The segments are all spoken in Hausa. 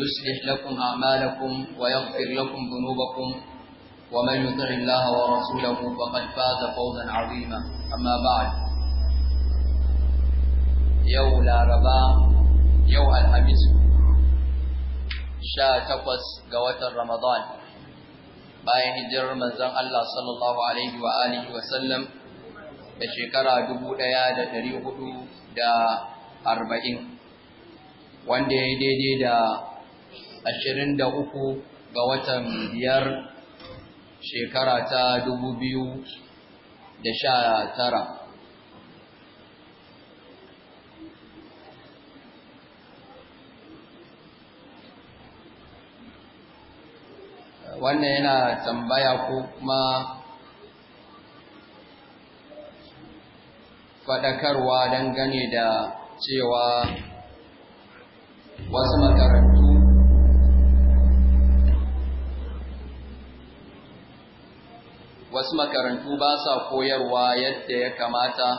يصلح لكم أعمالكم ويغفر لكم ذنوبكم ومن يطع الله ورسوله فقد فاز فوزا عظيما أما بعد يو لا ربا يو الحميس شا تقص قوات رمضان bayan hijirar manzon Allah sallallahu alaihi wa alihi wa sallam da shekara 1440 wanda ya yi daidai da ashirin da uku ga watan biyar shekara ta dubu biyu da sha tara. wannan yana tambaya ko kuma faɗakarwa dangane da cewa wasu makarantu wasu makarantu ba sa koyarwa yadda ya kamata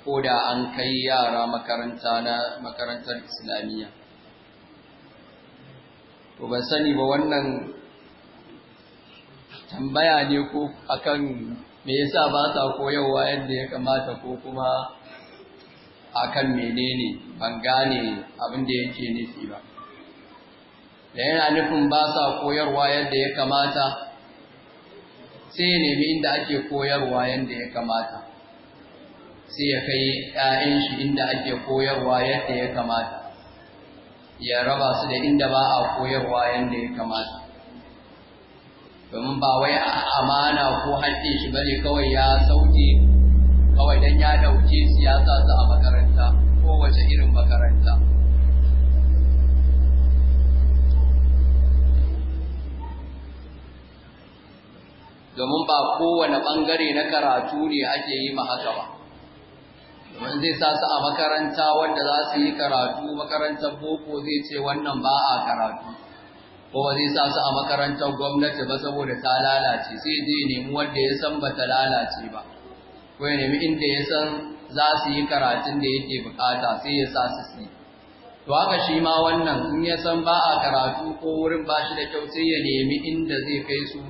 ko da an kai yara makaranta na makarantar islamiyya to ban sani ba wannan tambaya ne ko akan me yasa ba sa koyarwa yadda ya kamata ko kuma akan menene ban gane abin da yake nufi ba da yana nufin ba sa koyarwa yadda ya kamata sai ya nemi inda ake koyarwa yadda ya kamata sai ya kai ‘ya'yan shi inda ake koyarwa yadda ya kamata ya raba su da inda ba a koyarwa yadda ya kamata domin ba wai amana ko haɗe shi bane kawai ya sauke kawai don ya ɗauke siyasa su a makaranta ko wace irin makaranta domin ba kowane ɓangare na karatu ne ake yi ma haka ba domin zai sa su a makaranta wanda za su yi karatu makarantar boko zai ce wannan ba a karatu ko ba zai sa su a makarantar gwamnati ba saboda ta lalace sai zai nemi wanda ya san ba ta lalace ba ko ya nemi inda ya san za su yi karatun da yake bukata sai ya sa su yi to haka shi ma wannan in ya san ba a karatu ko wurin ba shi da kyau sai ya nemi inda zai kai su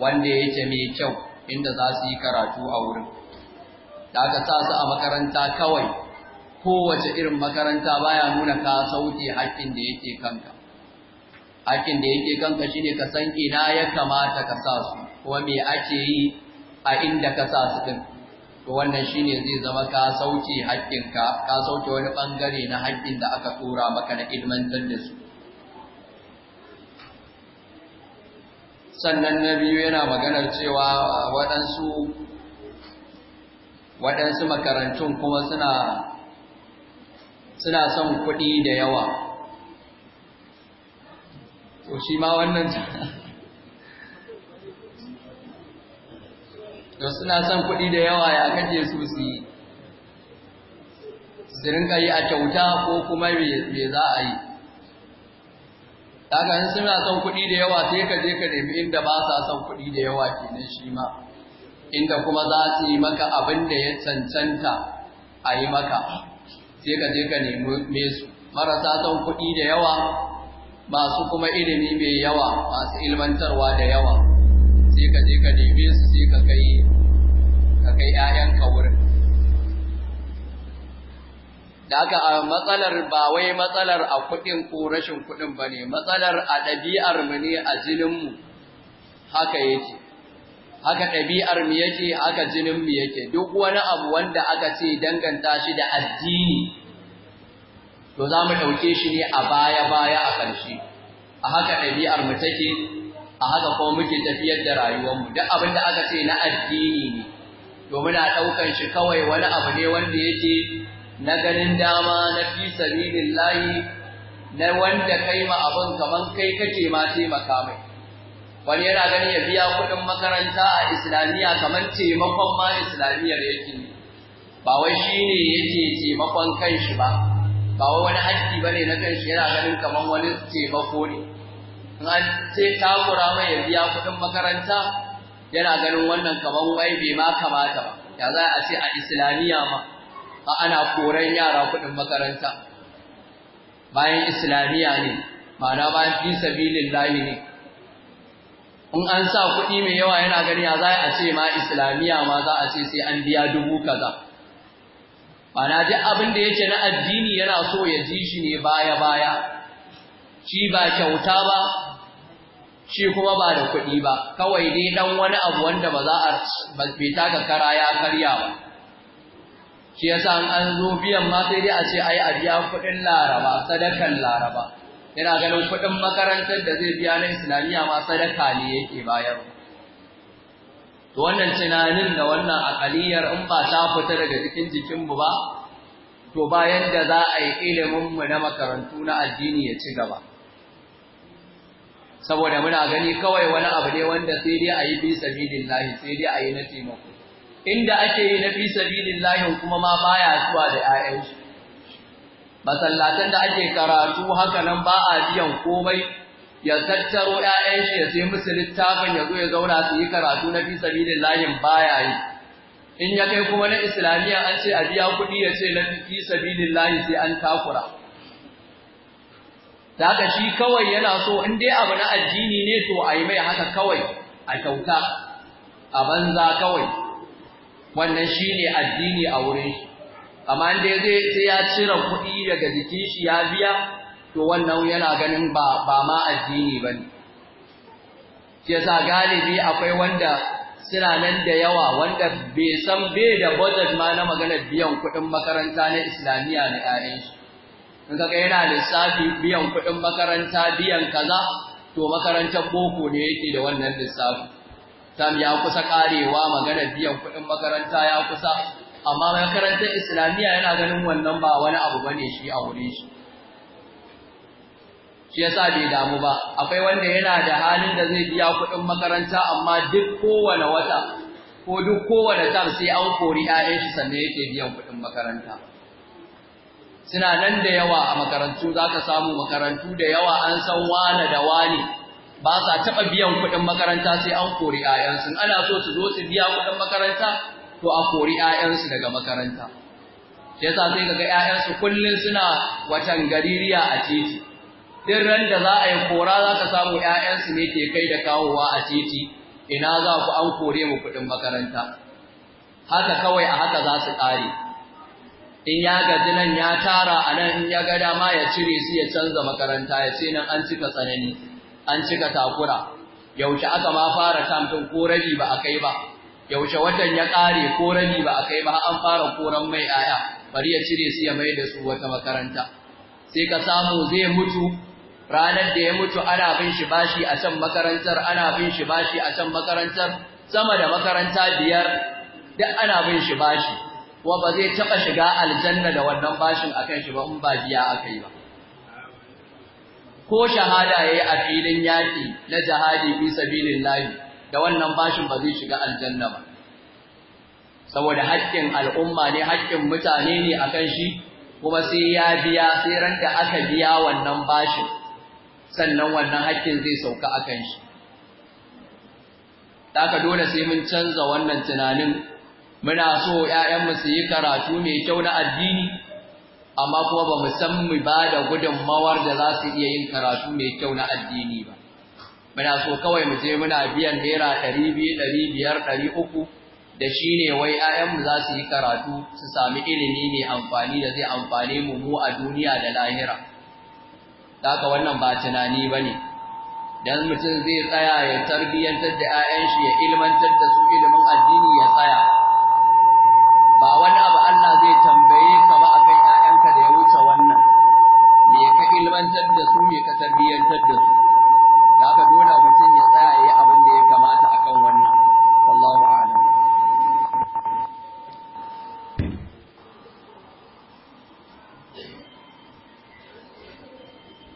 wanda yake mai kyau inda za su yi karatu a wurin da aka sa su a makaranta kawai kowace irin makaranta baya nuna ka sauke hakkin da yake kanka hakkin da yake kanka ne ka san ina ya kamata ka sa su kuma me ake yi a inda ka sa su ɗin, to wannan shi ne zai zama ka sauke haƙƙinka ka sauke wani ɓangare na haƙƙin da aka tura maka na ilmantar da su sannan na biyu yana maganar cewa waɗansu waɗansu makarantun kuma suna suna son kuɗi da yawa to shi ma wannan to suna son kuɗi da yawa ya kaje su su yi su rinka yi a kyauta ko kuma me za a yi kaga in suna son kuɗi da yawa sai ka je ka nemi inda ba sa son kuɗi da yawa kenan shi ma inda kuma za su yi maka abin da ya cancanta a yi maka sai ka je ka nemi su marasa son kuɗi da yawa masu kuma ilimi mai yawa masu ilmantarwa da yawa sai ka je ka nemi su sai ka kai 'ya'yanka wurin da aka a matsalar ba wai matsalar a kuɗin ko rashin kuɗin ba ne matsalar a ɗabi'ar mu ne a jininmu haka yake haka ɗabi'ar mu yake haka jinin yake duk wani abu wanda aka ce danganta shi da addini to za mu ɗauke shi ne a baya-baya a ƙarshe a haka ɗabi'ar mu take a haka kuma muke tafiyar da rayuwarmu duk abin da aka ce na addini ne to muna ɗaukan shi kawai wani abu ne wanda yake na ganin dama na fi layi na wanda kai ma abin kaman kai kake ma taimaka mai wani yana ganin ya biya kuɗin makaranta a islamiyya kaman taimakon ma islamiyyar yake ne? ba wai shi ne yake taimakon kanshi ba ba wai wani haƙƙi bane na kanshi yana ganin kaman wani taimako ne in an ce takura mai ya biya kuɗin makaranta yana ganin wannan kaman wai bai ma kamata ba ya za a ce a islamiyya ma ba ana koran yara kuɗin makaranta bayan islamiyya ne ma'ana bayan fi lahi ne in an sa kuɗi mai yawa yana gani za a ce ma islamiyya ma za a ce sai an biya dubu kaza ma'ana duk abin da yake na addini yana so ya ji shi ne baya baya shi ba kyauta ba shi kuma ba da kuɗi ba kawai dai dan wani abu wanda ba za a bai taka kara ya karya ba shi yasa an an zo biyan ma sai dai a ce ai a biya kuɗin laraba sadakan laraba yana ganin kuɗin makarantar da zai biya na islamiyya ma sadaka ne yake bayar. to wannan tunanin da wannan akaliyar in ba ta fita daga cikin mu ba to bayan da za a yi ilimin mu na makarantu na addini ya ci gaba saboda muna gani kawai wani abu ne wanda sai dai a yi fi sabilillahi sai dai a yi na taimako inda ake yi na fi layin kuma ma baya zuwa da 'ya'yansu. masallatan da ake karatu haka nan ba a biyan komai ya tattaro 'ya'yansu ya sai musu littafin ya zo ya zauna su yi karatu na fi layin baya yi in ya kai kuma na islamiyya an ce a biya kuɗi ya ce na fi layin sai an takura Daga shi kawai yana so in dai abu na addini ne to a yi mai haka kawai a kyauta a banza kawai wannan shi ne addini a wurin shi amma dai zai sai ya cire kuɗi daga jikin shi ya biya to wannan yana ganin ba ma addini ne ne. sa galibi akwai wanda suna nan da yawa wanda bai san bai da budget ma na magana biyan kuɗin makaranta na islamiyya na ƴaƴan shi in ka yana lissafi biyan kuɗin makaranta biyan kaza to makarantar boko ne yake da wannan lissafi tam ya kusa karewa maganar biyan kuɗin makaranta ya kusa amma makarantar islamiyya yana ganin wannan ba wani abu bane shi a wurin shi shi yasa bai damu ba akwai wanda yana da halin da zai biya kuɗin makaranta amma duk kowane wata ko duk kowane tam sai an kori 'ya'yan shi sannan yake biyan kuɗin makaranta suna nan da yawa a makarantu zaka samu makarantu da yawa an san wane da wane ba sa taɓa biyan kuɗin makaranta sai an kori 'ya'yansu ana so su zo su biya kuɗin makaranta to a kori 'ya'yansu daga makaranta yasa sai kaga 'ya'yansu kullum suna watan gaririya a titi duk ran da za a yi kora za ka samu 'ya'yansu ne ke kai da kawowa a titi ina za ku an kore mu kuɗin makaranta haka kawai a haka za su ƙare in ya gaji nan ya tara a nan in ya ga dama ya cire su ya canza makaranta ya ce nan an cika tsanani an cika takura yaushe aka ma fara kamfin ko rabi ba a kai ba yaushe watan ya ƙare ko rabi ba a kai ba an fara koran mai aya bari ya cire su ya mai da su wata makaranta sai ka samu zai mutu ranar da ya mutu ana bin shi bashi a can makarantar ana bin shi bashi a can makarantar sama da makaranta biyar duk ana bin shi bashi kuma ba zai taɓa shiga aljanna da wannan bashin akan shi ba in ba biya akai ba ko shahada yayi a filin yaƙi na jihadi fi sabilillahi da wannan bashin ba zai shiga aljanna ba saboda haƙƙin al'umma ne haƙƙin mutane ne akan shi kuma sai ya biya sai ran da aka biya wannan bashin sannan wannan haƙƙin zai sauka akan shi Daka dole sai mun canza wannan tunanin muna so ‘ya'yanmu su yi karatu mai kyau na addini amma kuma ba mu san mu ba da gudunmawar da za su iya yin karatu mai kyau na addini ba muna so kawai mu je muna biyan naira ɗari biyu ɗari biyar ɗari uku da shi ne wai 'ya'yanmu za su yi karatu su sami ilimi mai amfani da zai amfani mu mu a duniya da lahira haka wannan ba tunani ba ne dan mutum zai tsaya ya tarbiyyantar da 'ya'yan shi ya ilmantar da su ilimin addini ya tsaya ba wani abu Allah zai tambaye ka ilmantar da su ne ka tarbiyyantar da su da haka dole mutum ya tsaya ya abin da ya kamata akan wannan wallahu a'lam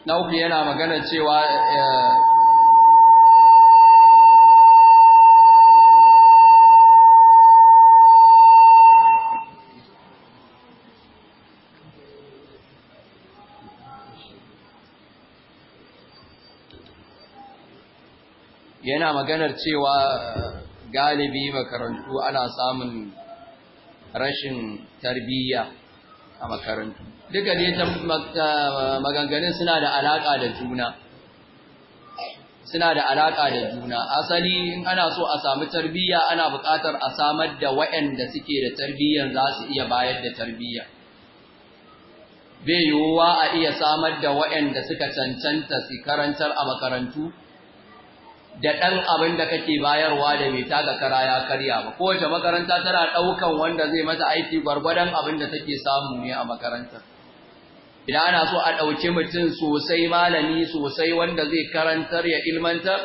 na uku yana magana cewa eh, yana maganar cewa galibi makarantu ana samun rashin tarbiyya a makarantu duka ne maganganun suna da alaƙa da juna suna da alaka da juna asali in ana so a samu tarbiyya ana buƙatar a samar da waɗanda suke da tarbiyyan za su iya bayar da tarbiyya bai yiwuwa a iya samar da waɗanda suka cancanta su karantar a makarantu da ɗan abin da kake bayarwa da mai taga kara ya karya ba kowace makaranta tana ɗaukan wanda zai mata aiki gwargwadon abin da take samu ne a makarantar idan ana so a ɗauki mutum sosai malami sosai wanda zai karantar ya ilmantar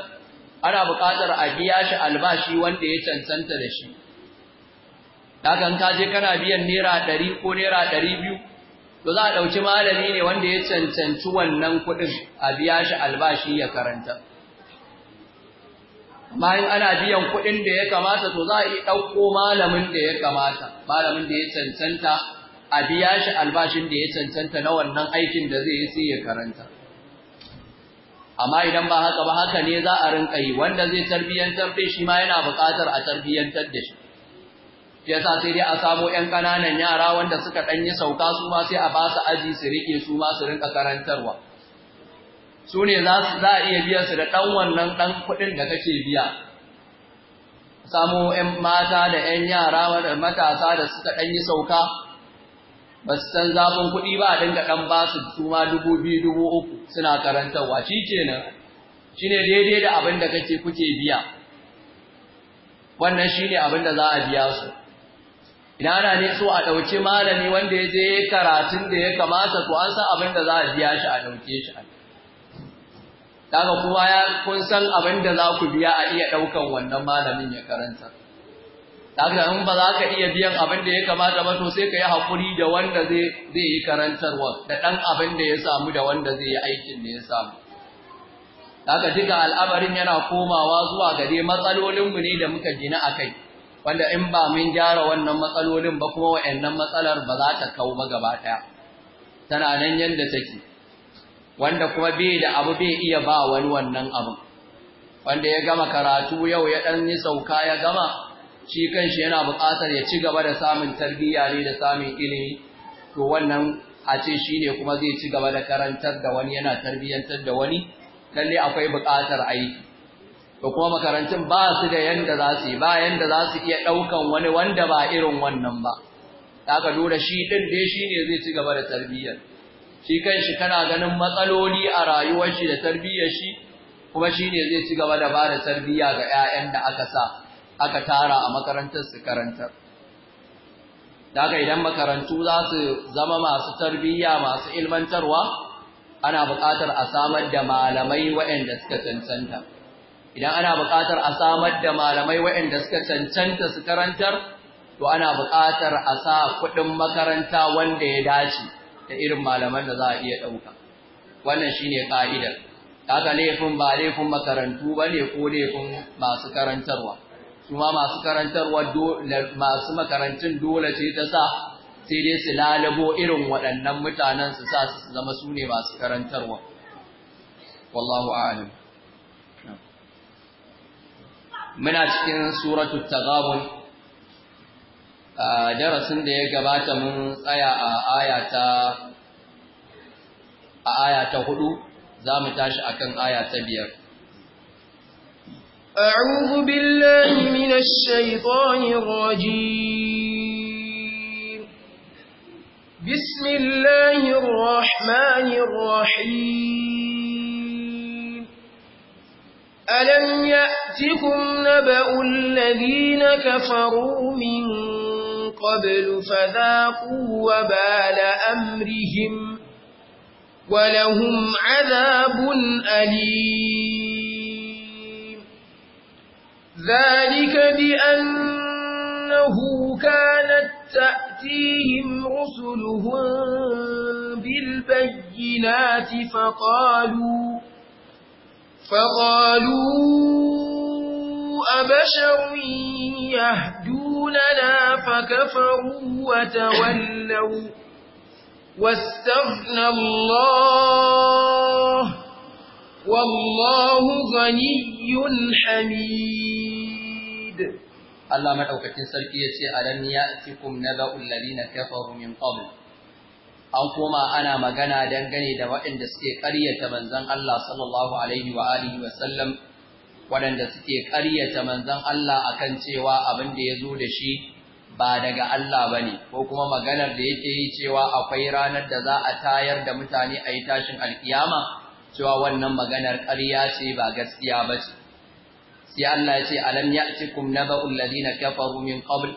ana buƙatar a biya shi albashi wanda ya cancanta da shi dakan ka je kana biyan naira ɗari ko naira ɗari biyu to za a ɗauki malami ne wanda ya cancanci wannan kuɗin a biya shi albashi ya karanta bayan ana biyan kuɗin da ya kamata to za a yi ɗauko malamin da ya kamata malamin da ya cancanta a biya shi albashin da ya cancanta na wannan aikin da zai yi sai ya karanta amma idan ba haka ba haka ne za a rinka yi wanda zai tarbiyyantar da shi ma yana buƙatar a tarbiyyantar da shi ya sa sai dai a samo ƴan ƙananan yara wanda suka ɗan yi sauka su ma sai a ba su aji su riƙe su ma su rinka karantarwa su ne za a iya biyan su da ɗan wannan ɗan kuɗin da kake biya samu ‘yan mata da ‘yan yara da matasa da suka ɗan yi sauka ba su san zafin kuɗi ba a dinga ɗan ba su ma dubu biyu dubu uku suna karantarwa shi kenan shi ne daidai da abin da kake kuke biya wannan shi ne abin da za a biya su ina na ne so a ɗauki malami wanda ya je karatun da ya kamata to an san abin da za a biya shi a ɗauke shi a daga kuma ya kun san abin da za ku biya a iya ɗaukan wannan malamin ya karanta daga in ba za ka iya biyan abin da ya kamata ba to sai ka yi haƙuri da wanda zai yi karantarwa da ɗan abin da ya samu da wanda zai yi aikin da ya samu daga duka al'amarin yana komawa zuwa gare matsalolinmu ne da muka gina a kai wanda in ba mun gyara wannan matsalolin ba kuma wa'annan matsalar ba za ta kawo ba gaba ɗaya tana nan yadda take wanda kuma bai da abu bai iya ba wani wannan abu wanda ya gama karatu yau ya dan yi sauka ya gama shi kanshi yana buƙatar ya ci gaba da samun tarbiyya ne da samun ilimi to wannan a ce shi ne kuma zai ci gaba da karantar da wani yana tarbiyyantar da wani lalle akwai buƙatar aiki to kuma makarantun ba su da yanda za su yi ba yanda za su iya ɗaukan wani wanda ba irin wannan ba haka dole shi ɗin dai ne zai ci gaba da tarbiyyar shi kanshi kana ganin matsaloli a rayuwar shi da tarbiyyar shi kuma shine zai ci gaba da bada tarbiyya ga 'ya'yan da aka sa aka tara a makarantar su karantar daga idan makarantu za su zama masu tarbiyya masu ilmantarwa ana buƙatar a samar da malamai waɗanda suka cancanta idan ana buƙatar a samar da malamai waɗanda suka cancanta su karantar to ana buƙatar a sa kuɗin makaranta wanda ya dace da irin malaman da za a iya ɗauka wannan shine ƙa'idar kaga laifin ba laifin makarantu ba ne ko laifin masu karantarwa su masu karantarwa masu makarantun dole ce ta sa sai dai su lalabo irin waɗannan mutanen su sa su zama su ne masu karantarwa wallahu a'lam muna cikin suratul tagabun a darasin da ya gabata mun tsaya a ayata a ayata hudu za mu tashi akan ayata biyar أعوذ بالله من الشيطان الرجيم بسم الله الرحمن الرحيم ألم يأتكم نبأ الذين كفروا من قبل فذاقوا وبال أمرهم ولهم عذاب أليم ذلك بأنه كانت تأتيهم رسلهم بالبينات فقالوا فقالوا أبشر يهدوننا فكفروا وتولوا واستغنى الله والله غني حميد الله مدوكتين سركي yace alam ya'tikum naba'ul ladina kafaru min qabl an koma ana magana dangane da waɗanda suke ƙaryata manzon Allah sallallahu alaihi wa alihi wa sallam waɗanda suke ƙaryata manzon Allah a kan cewa abin da ya zo da shi ba daga Allah ba ne, ko kuma maganar da yake yi cewa akwai ranar da za a tayar da mutane a yi tashin alkiyama, cewa wannan maganar ƙarya ce ba gaskiya ba ce. Sai Allah ya ce, Alam ya ci kum na ba'ul ladina kafaru min ƙabul,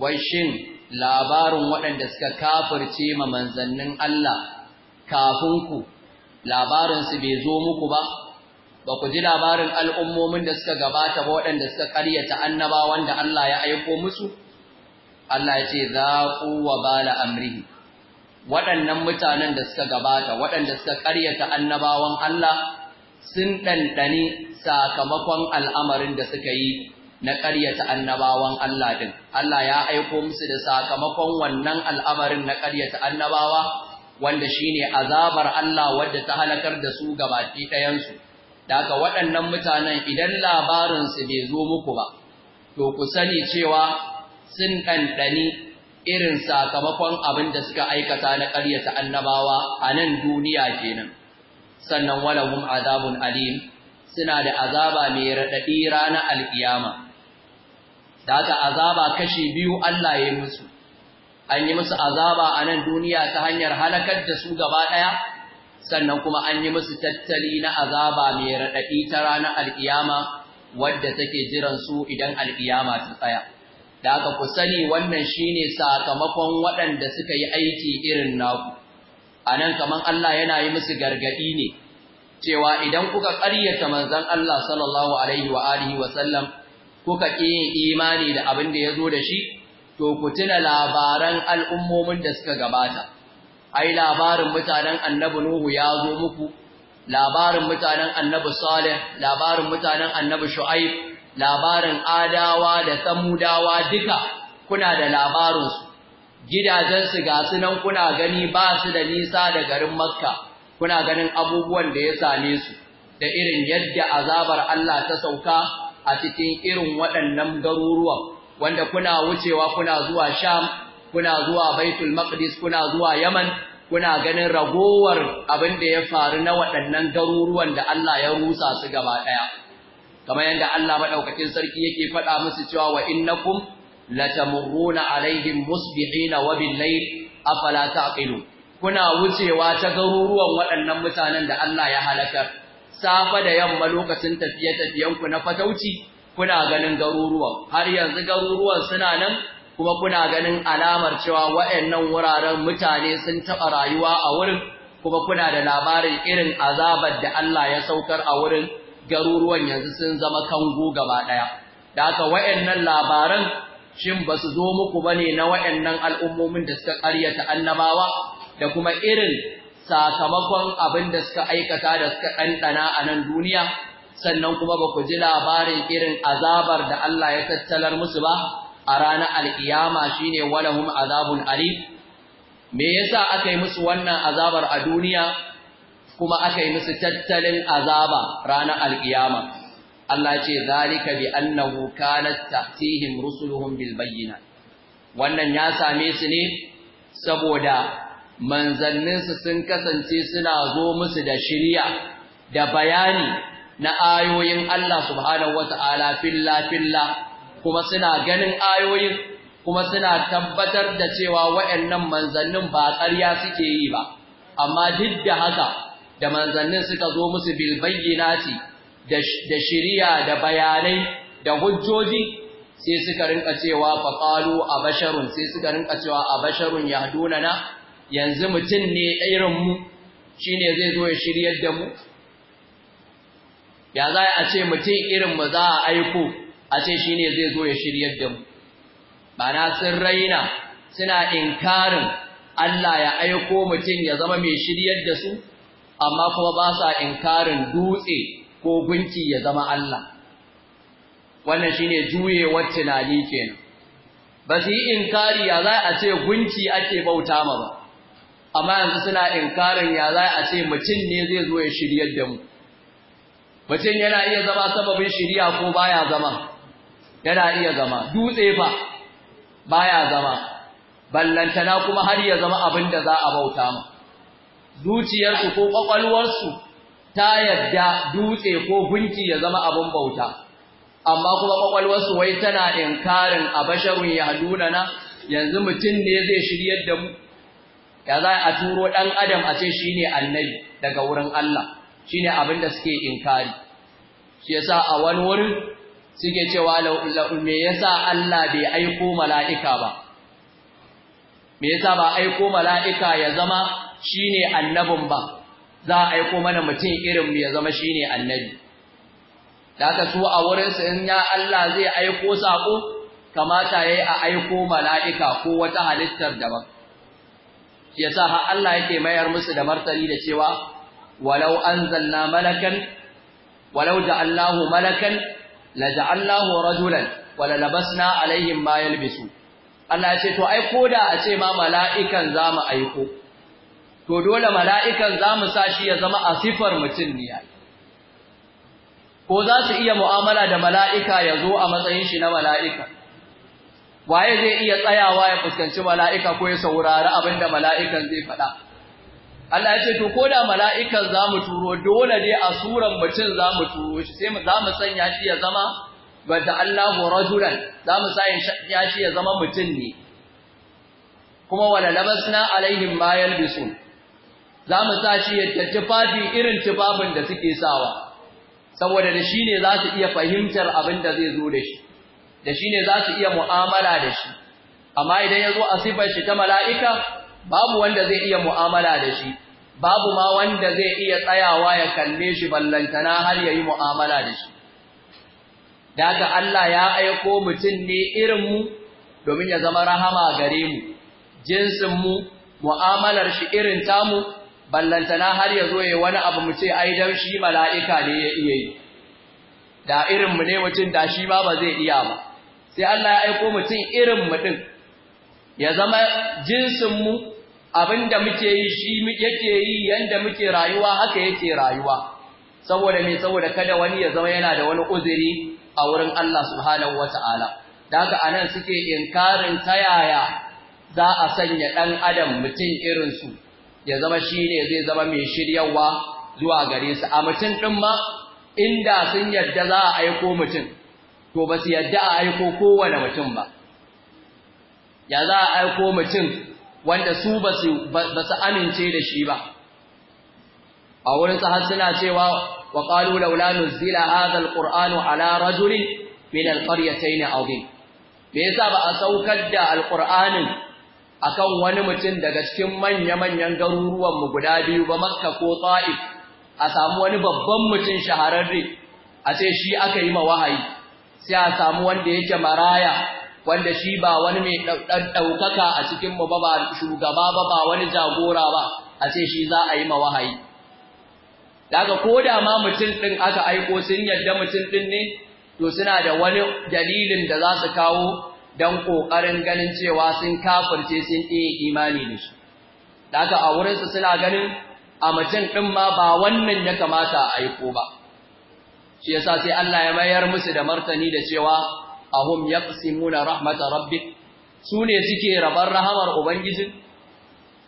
wai shin labarin waɗanda suka kafirce ma manzannin Allah kafin ku, labarinsu bai zo muku ba, ba ku ji labarin al'ummomin da suka gabata ba waɗanda suka ƙaryata annabawan da Allah ya aiko musu? Allah ya ce, Za ku wa bala amrihi. Waɗannan mutanen da suka gabata, waɗanda suka ƙaryata annabawan Allah sun ɗanɗani sakamakon al'amarin da suka yi na ƙaryata annabawan Allah ɗin. Allah ya aiko musu da sakamakon wannan al'amarin na ƙaryata annabawa, wanda shi ne azabar Allah wadda ta halakar da su gabaki ɗayansu. Daka waɗannan mutanen idan labarinsu bai zo muku ba to ku sani cewa sun ɗanɗani irin sakamakon abin da suka aikata na ƙaryata annabawa a nan duniya kenan sannan walahum azabun alim suna da azaba mai raɗaɗi ranar alkiyama Daga azaba kashi biyu Allah ya yi musu an yi musu azaba a nan duniya ta hanyar halakar da su gaba ɗaya sannan kuma an yi musu tattali na azaba mai raɗaɗi ta ranar al'iyama wadda take jiran su idan al'iyama ta tsaya. Da aka ku sani wannan shine sakamakon waɗanda suka yi aiki irin naku. A nan kamar Allah yana yi musu gargaɗi ne, cewa idan kuka ƙaryata manzon Allah sallallahu Alaihi wa alihi kuka ƙi imani da abin da ya zo da shi, to ku tuna labaran al'ummomin da suka gabata. ai labarin mutanen annabi Nuhu ya zo muku labarin mutanen annabi Salih labarin mutanen annabi Shu'aib labarin Adawa da Samudawa duka kuna da labarin su gidajen su ga nan kuna gani ba su da nisa da garin Makka kuna ganin abubuwan da ya same su da irin yadda azabar Allah ta sauka a cikin irin waɗannan garuruwan wanda kuna wucewa kuna zuwa Sham kuna zuwa Baitul Maqdis kuna zuwa Yaman kuna ganin ragowar abin da ya faru na waɗannan garuruwan da Allah ya rusa su gaba ɗaya kamar yadda Allah madaukakin sarki yake faɗa musu cewa wa innakum latamurruna alaihim musbihina wa bil layl afala taqilu kuna wucewa ta garuruwan waɗannan mutanen da Allah ya halakar safa da yamma lokacin tafiye tafiyenku na fatauci kuna ganin garuruwan har yanzu garuruwan suna nan kuma kuna ganin alamar cewa waɗannan wuraren mutane sun taɓa rayuwa a wurin kuma kuna da labarin irin azabar da Allah ya saukar a wurin garuruwan yanzu sun zama kango gaba ɗaya da haka waɗannan labaran shin ba su zo muku ba ne na waɗannan al'ummomin da suka ƙaryata annabawa da kuma irin sakamakon abin da suka aikata da suka ɗanɗana a nan duniya sannan kuma ba ku ji labarin irin azabar da Allah ya tattalar musu ba a ranar alkiyama shine walahum azabun alim me yasa aka yi musu wannan azabar a duniya kuma aka yi musu tattalin azaba ranar alkiyama Allah ce zalika bi annahu kanat ta'tihim rusuluhum bil bayyinat wannan ya same su ne saboda manzanninsu sun kasance suna zo musu da shirya da bayani na ayoyin Allah subhanahu wata'ala filla filla kuma suna ganin ayoyin kuma suna tabbatar da cewa waɗannan manzannin ba ƙarya suke yi ba amma duk da haka da manzannin suka zo musu bil bayyinati da shiriya da bayanai da hujjoji sai suka rinka cewa qalu abasharun sai suka rinka cewa abasharun yahdunana yanzu mutum ne irin mu shine zai zo ya shiryar da mu ya za a ce mutum irin mu za a aiko a ce shi ne zai zo ya shiryar da mu mana sun raina suna inkarin Allah ya aiko mutum ya zama mai shiryar da su amma kuma ba sa inkarin dutse ko gunki ya zama Allah wannan shi shine juyewar tunani kenan ba su yi inkari ya za a ce gunki ake bauta ma ba amma yanzu suna inkarin ya za a ce mutum ne zai zo ya shiryar da mu mutum yana iya zama sababin shirya ko baya zama yana iya zama dutse fa baya zama ballantana kuma har ya zama abin da za a bauta ma zuciyarsu ko kwakwalwarsu ta yadda dutse ko gunki ya zama abin bauta amma kuma kwakwalwarsu wai tana inkarin abasharun haduna na yanzu mutum ne zai shiryar da mu ya za a turo ɗan adam a ce shi annabi daga wurin Allah shine abin da suke inkari shi yasa a wani wurin suke cewa me yasa Allah bai aiko mala'ika ba me yasa ba aiko mala'ika ya zama shine annabin ba za a aiko mana mutum irin mu ya zama shine annabi daga su a wurinsu in ya Allah zai aiko sako kamata yayi a aiko mala'ika ko wata halittar daban yasa har Allah yake mayar musu da martani da cewa walau anzalna malakan walau Allahu malakan laja'alnahu rajulan wala labasna alaihim ma yalbisu Allah ya ce to ai koda a ce ma mala'ikan zamu aiko to dole mala'ikan zamu sa shi ya zama a sifar mutun ne ko za su iya mu'amala da mala'ika ya zo a matsayin shi na mala'ika waye zai iya tsayawa ya fuskanci mala'ika ko ya saurari abinda mala'ikan zai faɗa Allah ya ce to ko da mala'ikan za mu turo dole ne a suran mutum za mu turo shi sai mu za mu sanya shi ya zama bata Allahu rajulan za mu sanya shi ya zama mutum ne kuma wala labasna alaihim ma yalbisun za mu sa shi ya tufafi irin tufafin da suke sawa saboda da shi ne za su iya fahimtar abin da zai zo da shi da shi ne za su iya mu'amala da shi amma idan ya zo a sifar shi ta mala'ika babu wanda zai iya mu'amala da shi babu ma wanda zai iya tsayawa ya kalle shi ballantana har yayi mu'amala da shi daga Allah ya aiko mutum ne irin mu domin ya zama rahama gare mu jinsin mu mu'amalar shi irin tamu ballantana har ya zo ya wani abu mu ce ai dan shi mala'ika ne ya iya yi da irin mu ne mutum da shi ma ba zai iya ba sai Allah ya aiko mutum irin mu din ya zama jinsin mu abinda muke yi shi yake yi yanda muke rayuwa haka yake rayuwa saboda me saboda kada wani ya zama yana da wani uzuri a wurin Allah subhanahu wataala da haka anan suke inkarin ta yaya za a sanya ɗan adam mutum su, ya zama shi ne zai zama mai shiryawa zuwa gare su a mutum ɗin ma inda sun yarda za a aiko mutum to ba su yarda a aiko kowane mutum ba ya za a aiko mutum wanda su ba su amince da shi ba a wurin har suna cewa wa qalu laula nuzila hadha alquranu ala rajulin min alqaryatayn azim me yasa ba a saukar da alqur'anin akan wani mutum daga cikin manya-manyan garuruwan mu guda biyu ba makka ko ta'if a samu wani babban mutum shahararre a ce shi aka yi ma wahayi sai a samu wanda yake maraya wanda shi ba wani mai ɗaukaka a cikin ba ba shugaba ba ba wani jagora ba a ce shi za a yi ma wahayi daga da ma mutum ɗin aka aiko sun yadda mutum ɗin ne to suna da wani dalilin da za su kawo don ƙoƙarin ganin cewa sun kafirce sun iya imani da shi daga a wurinsu suna ganin a mutum ɗin ma ba wannan ya kamata a aiko ba shi yasa sai Allah ya mayar musu da martani da cewa ahum yaqsimuna rahmat rabbik sune suke rabar rahamar ubangiji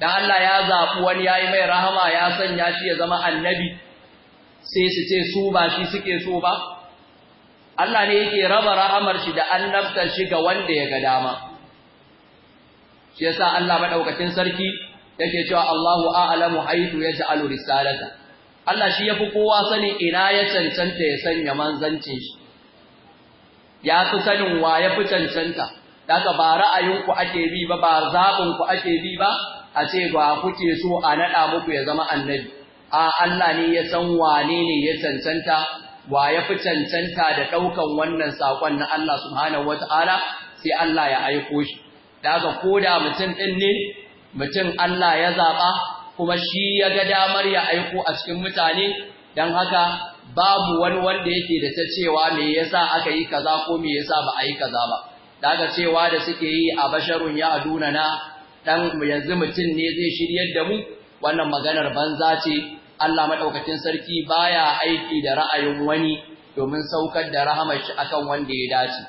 dan Allah ya zabi wani yayi mai rahama ya sanya shi ya zama annabi sai su ce su ba shi suke so ba Allah ne yake raba rahamar shi da annabtar shi ga wanda ya ga dama shi yasa Allah madaukakin sarki yake cewa Allahu a'lamu haythu yaj'alu risalata Allah shi yafi kowa sani ina ya cancanta ya sanya manzancin shi ya fi sanin wa ya fi cancanta daga ba ra'ayinku ake bi ba ba zaɓinku ake bi ba a ce ba kuke so a naɗa muku ya zama annabi a Allah ne ya san wane ne ya cancanta wa ya fi cancanta da ɗaukan wannan saƙon na Allah subhanahu wata'ala sai Allah ya aiko shi daga da mutum ɗin ne mutum Allah ya zaɓa kuma shi ya ga damar ya aiko a cikin mutane don haka babu wani wanda yake da ta cewa me yasa aka yi kaza ko me yasa ba a yi kaza ba daga cewa da suke yi a basharun ya aduna na dan yanzu mutum ne zai shiryar da mu wannan maganar banza ce Allah madaukakin sarki baya aiki da ra'ayin wani domin saukar da rahamar shi akan wanda ya dace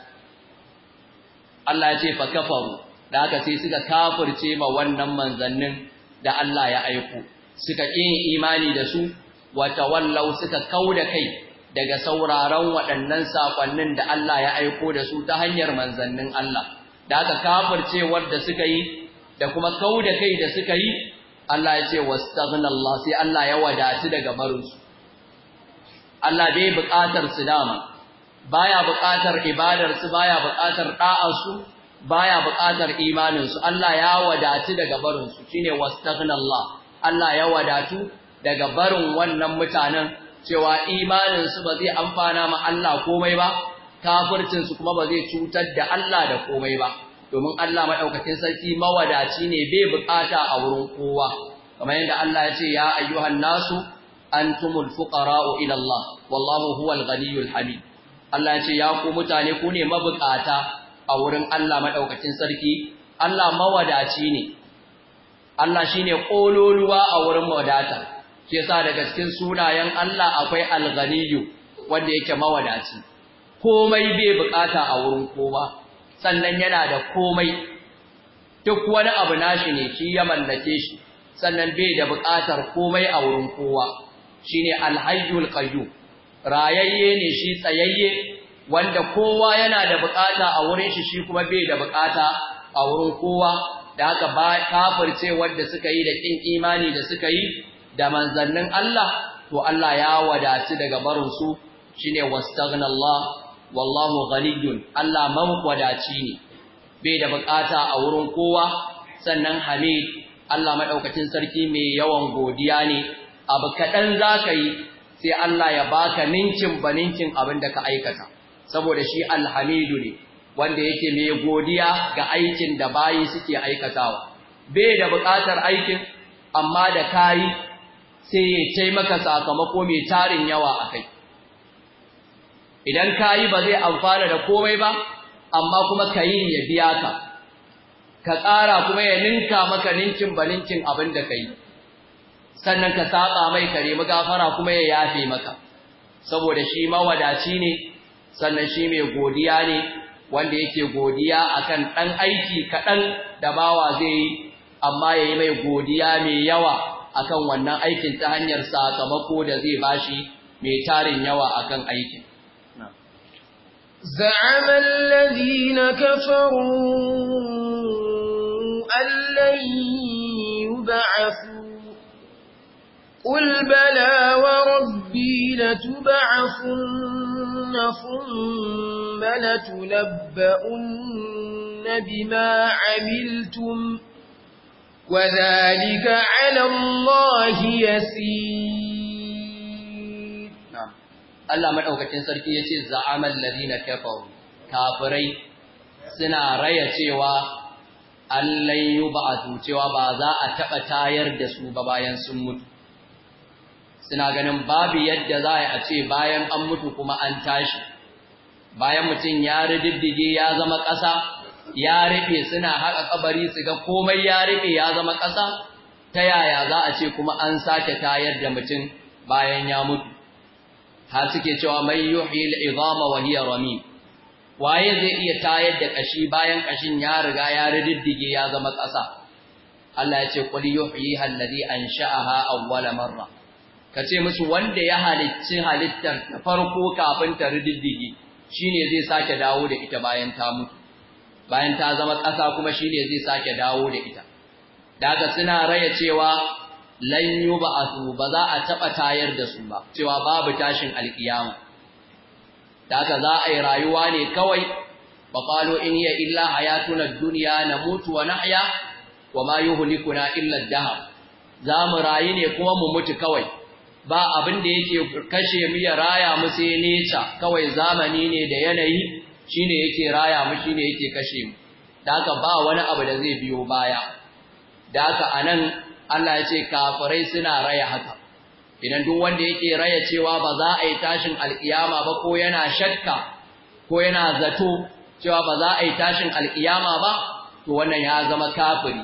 Allah ya ce fa kafaru da aka sai suka kafirce ma wannan manzannin da Allah ya aiko suka kin imani da su wata wallau suka kauda kai daga sauraron waɗannan saƙonnin da Allah ya aiko da su ta hanyar manzannin Allah da aka kafircewar da suka yi da kuma kauda kai da suka yi Allah ya ce wa Allah sai Allah ya wadatu daga barinsu Allah bai buƙatar su dama baya buƙatar ibadarsu, ba baya buƙatar ɗa'arsu, ba baya buƙatar imaninsu. Allah ya wadatu daga barinsu, shi ne wa Allah Allah ya wadatu daga barin wannan mutanen cewa imaninsu ba zai amfana ma Allah komai ba, kafircinsu kuma ba zai cutar da Allah da komai ba, domin Allah maɗaukakin sarki mawadaci ne bai bukata a wurin kowa, kamar yadda Allah ya ce, Ya ayyuhan nasu, an tumul fuƙara'u ilallah, wallahu huwal ganiyul hamid. Allah ya ce, Ya ku mutane ku ne mabukata a wurin Allah maɗaukakin sarki, Allah mawadaci ne, Allah shi ne ƙololuwa a wurin wadata. shi yasa daga cikin sunayen Allah akwai al ghaniyu wanda yake mawadaci komai bai bukata a wurin kowa sannan yana da komai duk wani abu nashi ne shi ya mallake shi sannan bai da bukatar komai a wurin kowa shine al-hayyul qayyum rayayye ne shi tsayayye wanda kowa yana da bukata a wurin shi shi kuma bai da bukata a wurin kowa da haka ba kafirce wanda suka yi da kin imani da suka yi da manzannin Allah to Allah ya wadaci daga barin su shine wastaghna Allah wallahu ghaniyyun Allah mawadaci ne bai da bukata a wurin kowa sannan Hamid Allah madaukakin sarki mai yawan godiya ne abu kadan zaka yi sai Allah ya baka ninkin baninkin abin da ka aikata saboda shi alhamidu ne wanda yake mai godiya ga aikin da bayi suke aikatawa bai da bukatar aikin amma da kayi sai ya maka sakamako mai tarin yawa a kai idan ka yi ba zai amfana da komai ba amma kuma ka yi ya biya ka ka ƙara kuma ya ninka maka ninkin ba ninkin abin da ka yi sannan ka saba mai kare nemi gafara kuma ya yafe maka saboda shi mawadaci ne sannan shi mai godiya ne wanda yake godiya akan ɗan aiki kaɗan da bawa zai yi amma ya yi mai godiya mai yawa akan wannan aikin ta hanyar sakamako da zai bashi mai tarin yawa akan aikin زعم الذين كفروا أن لن يبعثوا قل بلى وربي لتبعثن ثم لتنبؤن بما عملتم وذلك على الله يسير الله madaukakin sarki yace za'amal ladina kafaru kafirai suna raya cewa ba a cewa ba za a taɓa tayar da su ba bayan sun mutu suna ganin babu yadda za a ce bayan an mutu kuma an tashi bayan mutum ya rididdige ya zama ƙasa ya rufe suna haƙa kabari su ga komai ya rufe ya zama ƙasa ta yaya za a ce kuma an sake tayar da mutum bayan ya mutu har suke cewa mai yi al wa hiya rami waye zai iya tayar da kashi bayan ƙashin ya riga ya riddige ya zama ƙasa Allah ya ce qul yuhyiha alladhi ansha'aha awwal marra kace musu wanda ya halicci halittar farko kafin ta shi ne zai sake dawo da ita bayan ta mutu bayan ta zama ƙasa kuma shi ne zai sake dawo da ita daga suna raya cewa lanyu a su ba za a taɓa tayar da su ba cewa babu tashin alkiyama daga za a yi rayuwa ne kawai ba qalu in yi illa hayatuna duniya na mutu wa na'aya, wa ma hulikuna illa daha. za mu rayu ne kuma mu mutu kawai ba abin da yake kashe mu ya raya mu sai neca kawai zamani ne da yanayi Shi ne yake raya mu shi ne yake kashe mu da haka ba wani abu da zai biyo baya da haka nan, Allah ya ce kafirai suna raya haka idan duk wanda yake raya cewa ba za a yi tashin al'iyama ba ko yana shakka ko yana zato cewa ba za a yi tashin al'iyama ba to wannan ya zama kafiri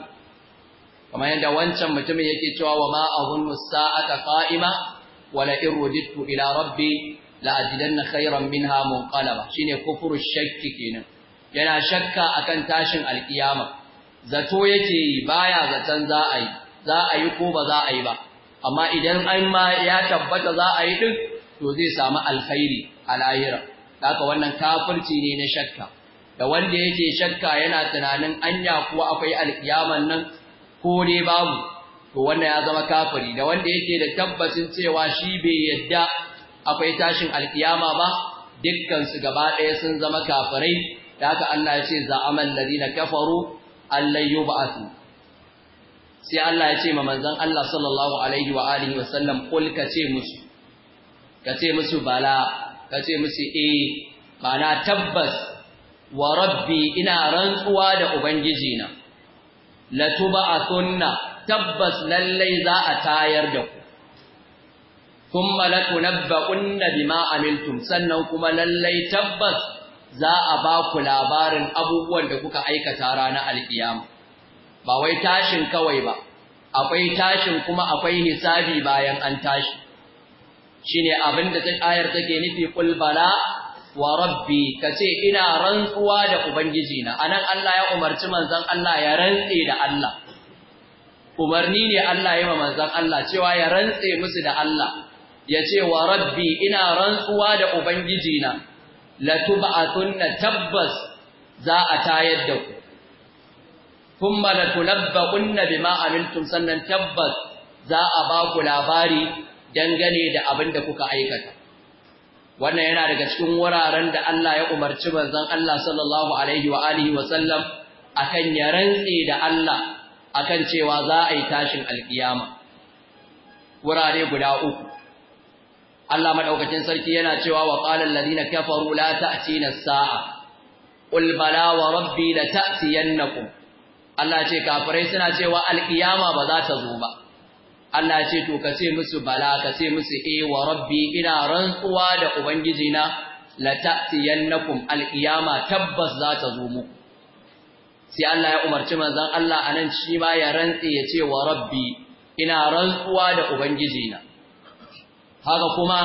kamar yadda wancan mutumin yake cewa wa ma ahun musa'ata qa'ima wala irudittu ila rabbi la'ajidanna khairan minha munqalaba shine kufuru shakki kenan yana shakka akan tashin alkiyama zato yake baya zaton za a yi za a yi ko ba za a yi ba amma idan an ma ya tabbata za a yi din to zai samu alkhairi a lahira haka wannan kafirci ne na shakka da wanda yake shakka yana tunanin anya kuwa akwai alkiyaman nan ko dai babu to wannan ya zama kafiri da wanda yake da tabbacin cewa shi bai yadda akwai tashin alkiyama ba dukkan su gaba ɗaya sun zama kafirai da haka Allah ya ce za'amal ladina kafaru allan yub'athu sai Allah ya ce ma manzon Allah sallallahu alaihi wa alihi wa sallam kul ka ce musu ka ce musu bala ka ce musu eh bana tabbas wa rabbi ina rantsuwa da ubangiji na la tub'athunna tabbas lallai za a tayar da ku thumma unna bima amiltum sannan kuma lallai tabbas za a ba ku labarin abubuwan da kuka aikata ranar alkiyama ba wai tashin kawai ba akwai tashin kuma akwai hisabi bayan an tashi shine abin da ayar take nufi kul bala wa rabbi kace ina rantsuwa da ubangiji na anan Allah ya umarci manzon Allah ya rantse da Allah umarni ne Allah ya wa manzon Allah cewa ya rantse musu da Allah ya ce wa rabbi ina rantsuwa da ubangijina latub'athunna tabbas za a tayar da ku thumma latulabbaqunna bima amiltum sannan tabbas za a ba ku labari dangane da abin da kuka aikata wannan yana daga cikin wuraren da Allah ya umarci manzon Allah sallallahu alaihi wa alihi wa sallam akan ya rantsi da Allah akan cewa za a yi tashin alkiyama wurare guda uku Allah madaukakin sarki yana cewa wa qala alladhina kafaru la ta'tina as-sa'a qul bala wa rabbi la ta'tiyannakum Allah ce kafirai suna cewa alkiyama ba za ta zo ba Allah ce to ka ce musu bala ka ce musu eh wa rabbi ina rantsuwa da na la ta'tiyannakum alkiyama tabbas za ta zo muku sai Allah ya umarci manzon Allah anan shi ma ya rantse ya ce wa rabbi ina rantsuwa da ubangijina haka kuma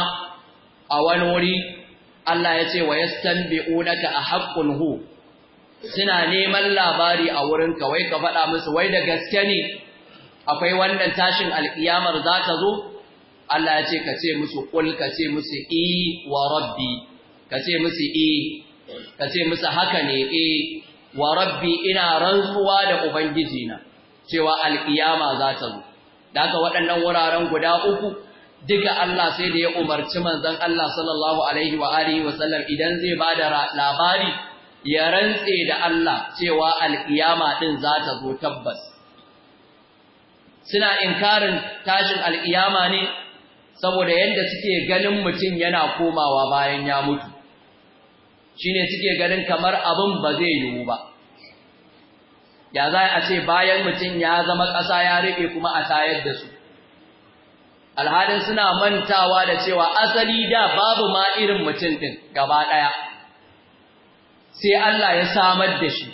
a wani wuri Allah ya ce wa yastanbi'unaka ahaqqun hu suna neman labari a wurinka wai ka faɗa musu wai da gaske ne akwai wannan tashin alkiyamar za ta zo Allah ya ce ka ce musu kul ka ce musu i e wa rabbi ka ce musu i e. ka ce musu haka ne e wa rabbi ina rantsuwa da ubangiji na cewa alkiyama za ta zo daga waɗannan wuraren guda uku duka Allah sai da ya umarci manzon Allah sallallahu alaihi wa alihi wa sallam idan zai bada labari ya rantse da Allah cewa alkiyama din za ta zo tabbas suna inkarin tashin alkiyama ne saboda yadda suke ganin mutum yana komawa bayan ya mutu shine suke ganin kamar abin ba zai yiwu ba ya za a ce bayan mutum ya zama ƙasa ya rufe kuma a tayar da su alhalin suna mantawa da cewa asali da babu ma irin mutum din gaba daya sai Allah ya samar da shi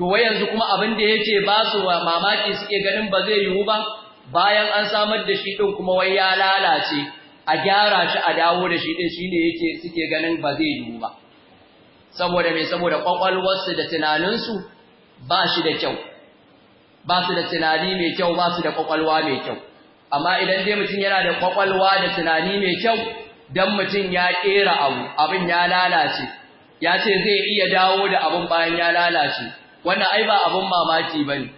to wai yanzu kuma abin da yake ba su mamaki suke ganin ba zai yiwu ba bayan an samar da shi din kuma wai ya lalace a gyara shi a dawo da shi din shine yake suke ganin ba zai yiwu ba saboda me saboda kwakwalwarsu da tunaninsu ba shi da kyau ba su da tunani mai kyau ba su da kwakwalwa mai kyau amma idan dai mutum yana da kwakwalwa da tunani mai kyau dan mutum ya kera abu abin ya lalace ya ce zai iya dawo da abin bayan ya lalace wannan ai ba abin mamaki bane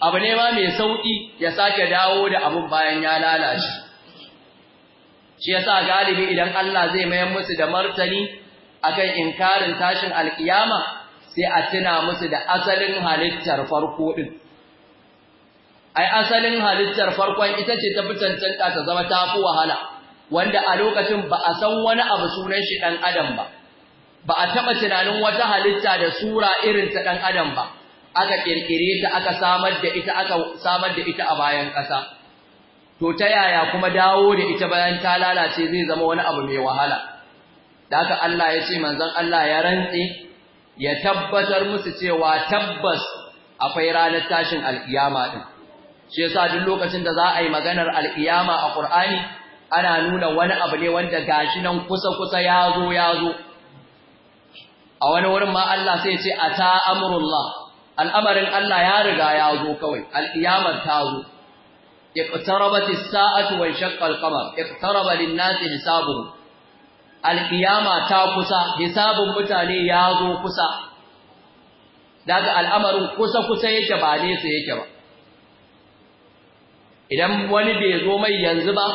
abu ne ma mai sauki ya sake dawo da abin bayan ya lalace shi yasa galibi idan Allah zai mayar musu da martani akan inkarin tashin alkiyama sai a tuna musu da asalin halittar farko din ai asalin halittar farkon ita ce ta fitantanta ta zama ta fi wahala wanda a lokacin ba a san wani abu sunan shi dan adam ba ba a taba tunanin wata halitta da sura irin ta dan adam ba aka kirkire ta aka samar da ita aka samar da ita a bayan kasa to ta yaya kuma dawo da ita bayan ta lalace zai zama wani abu mai wahala da haka Allah ya ce manzon Allah ya rantse ya tabbatar musu cewa tabbas akwai ranar tashin alkiyama din shi yasa duk lokacin da za a yi maganar alkiyama a Qur'ani ana nuna wani abu ne wanda gashi nan kusa kusa ya zo ya zo a wani wurin ma Allah sai ya ce ata amrullah al'amarin Allah ya riga ya zo kawai alkiyamar ta zo iqtarabat as-sa'atu wa shaqqa al-qamar iqtaraba lin-nasi hisabuhum alkiyama ta kusa hisabun mutane ya zo kusa daga al'amarin kusa kusa yake ba ne sai yake ba idan wani bai zo mai yanzu ba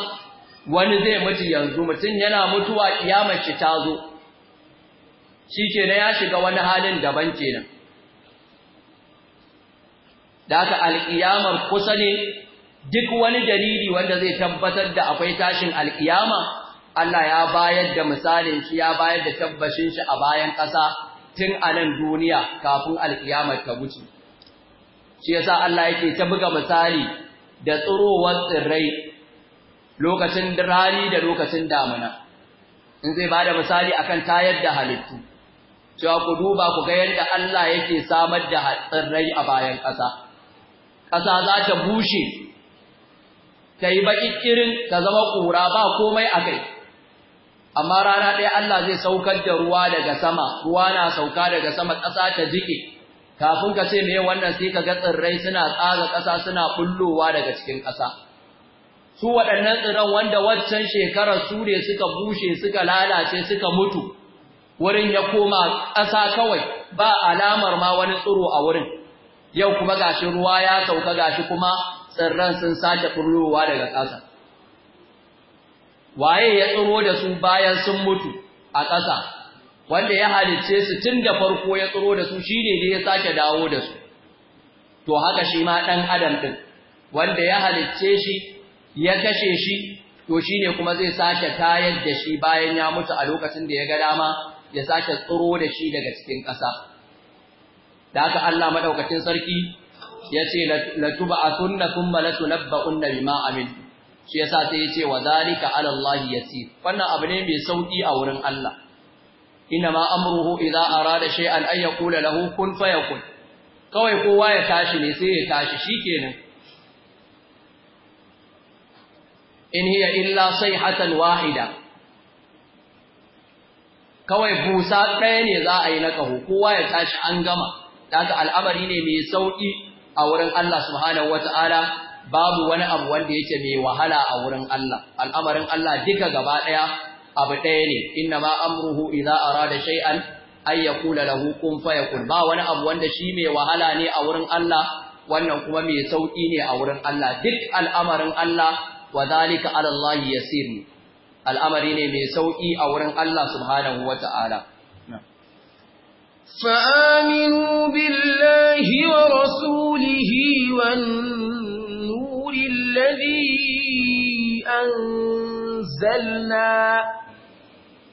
wani zai mutu yanzu mutum yana mutuwa kiyamar shi ta zo shikenan ya shiga wani halin daban kenan da alkiyamar kusa ne duk wani dalili wanda zai tabbatar da akwai tashin alkiyama Allah ya bayar da misalin shi ya bayar da tabbashin shi a bayan ƙasa tun a nan duniya kafin alkiyamar ta wuce shi yasa Allah yake ta buga misali da tsirowar tsirrai lokacin rani da lokacin damina in zai ba da misali a kan tayar da halittu cewa ku duba ku ga yadda Allah yake samar da tsirrai a bayan ƙasa ƙasa za ta bushe ta yi baƙi ta zama ƙura ba komai a kai amma rana ɗaya Allah zai saukar da ruwa daga sama ruwa na sauka daga sama ƙasa ta jike kafin ka ce meye wannan sai ka ga tsirrai suna tsaga ƙasa suna bullowa daga cikin ƙasa su waɗannan tsirran wanda waccan shekarar su ne suka bushe suka lalace suka mutu wurin ya koma ƙasa kawai ba alamar ma wani tsiro a wurin yau kuma gashin ruwa ya sauka gashi kuma tsirran sun sake bullowa daga ƙasa waye ya tsiro da su bayan sun mutu a ƙasa wanda ya halicce su tun da farko ya tsoro da su shine ne ya sake dawo da su to haka shi ma dan adam ɗin, wanda ya halicce shi ya kashe shi to shine kuma zai sake tayar da shi bayan ya mutu a lokacin da ya ga dama ya sake tsoro da shi daga cikin ƙasa da haka Allah maɗaukacin sarki yace latub'athunna thumma latunabba'unna bima amin shi yasa sai yace wa zalika ala Allah yasir wannan abu ne mai sauki a wurin Allah inma amruhu idza arada shay'an ay yaqula lahu kun fayakun kawai kowa ya tashi ne sai ya tashi shikenan in hiya illa sayhatan wahida kawai busa ɗaya ne za a yi na kaho kowa ya tashi an gama daga al'amari ne mai sauƙi a wurin Allah subhanahu wataala babu wani abu wanda yake mai wahala a wurin Allah al'amarin Allah duka gaba ɗaya. abu ɗaya ne inna ma amruhu idza arada shay'an ay yaqula lahu kun fayakun ba wani abu wanda shi mai wahala ne a wurin Allah wannan kuma mai sauki ne a wurin Allah duk al'amarin Allah wa zalika ala Allah yasir al'amari ne mai sauki a wurin Allah subhanahu wata'ala فآمنوا rasulihi ورسوله والنور الذي أنزلنا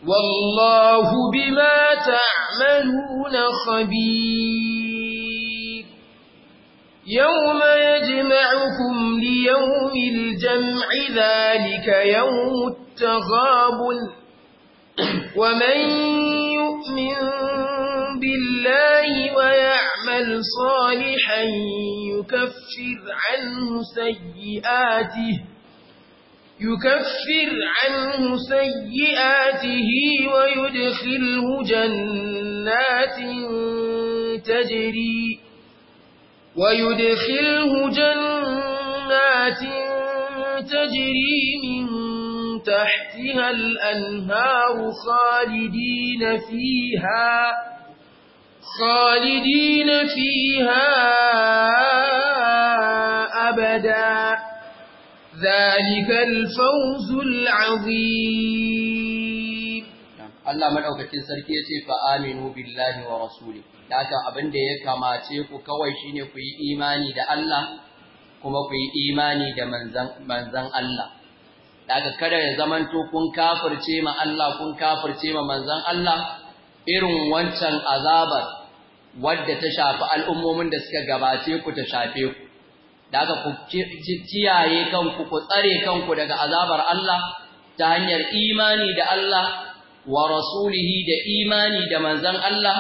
والله بما تعملون خبير يوم يجمعكم ليوم الجمع ذلك يوم التغاب ومن يؤمن بالله ويعمل صالحا يكفر عنه سيئاته يكفر عنه سيئاته ويدخله جنات تجري ويدخله جنات تجري من تحتها الأنهار خالدين فيها خالدين فيها أبداً ذلك الفوز العظيم Allah madaukakin sarki yace fa aminu billahi wa rasuli da haka abin da ya kamace ku kawai shine ku yi imani da Allah kuma ku yi imani da manzan Allah da haka kada ya zamanto kun kafirce ma Allah kun kafirce ma manzan Allah irin wancan azabar wadda ta shafi al'ummomin da suka gabace ku ta shafe ku daga ku kiyaye kanku ku tsare kanku daga azabar Allah ta hanyar imani da Allah wa rasulihi da imani da manzon Allah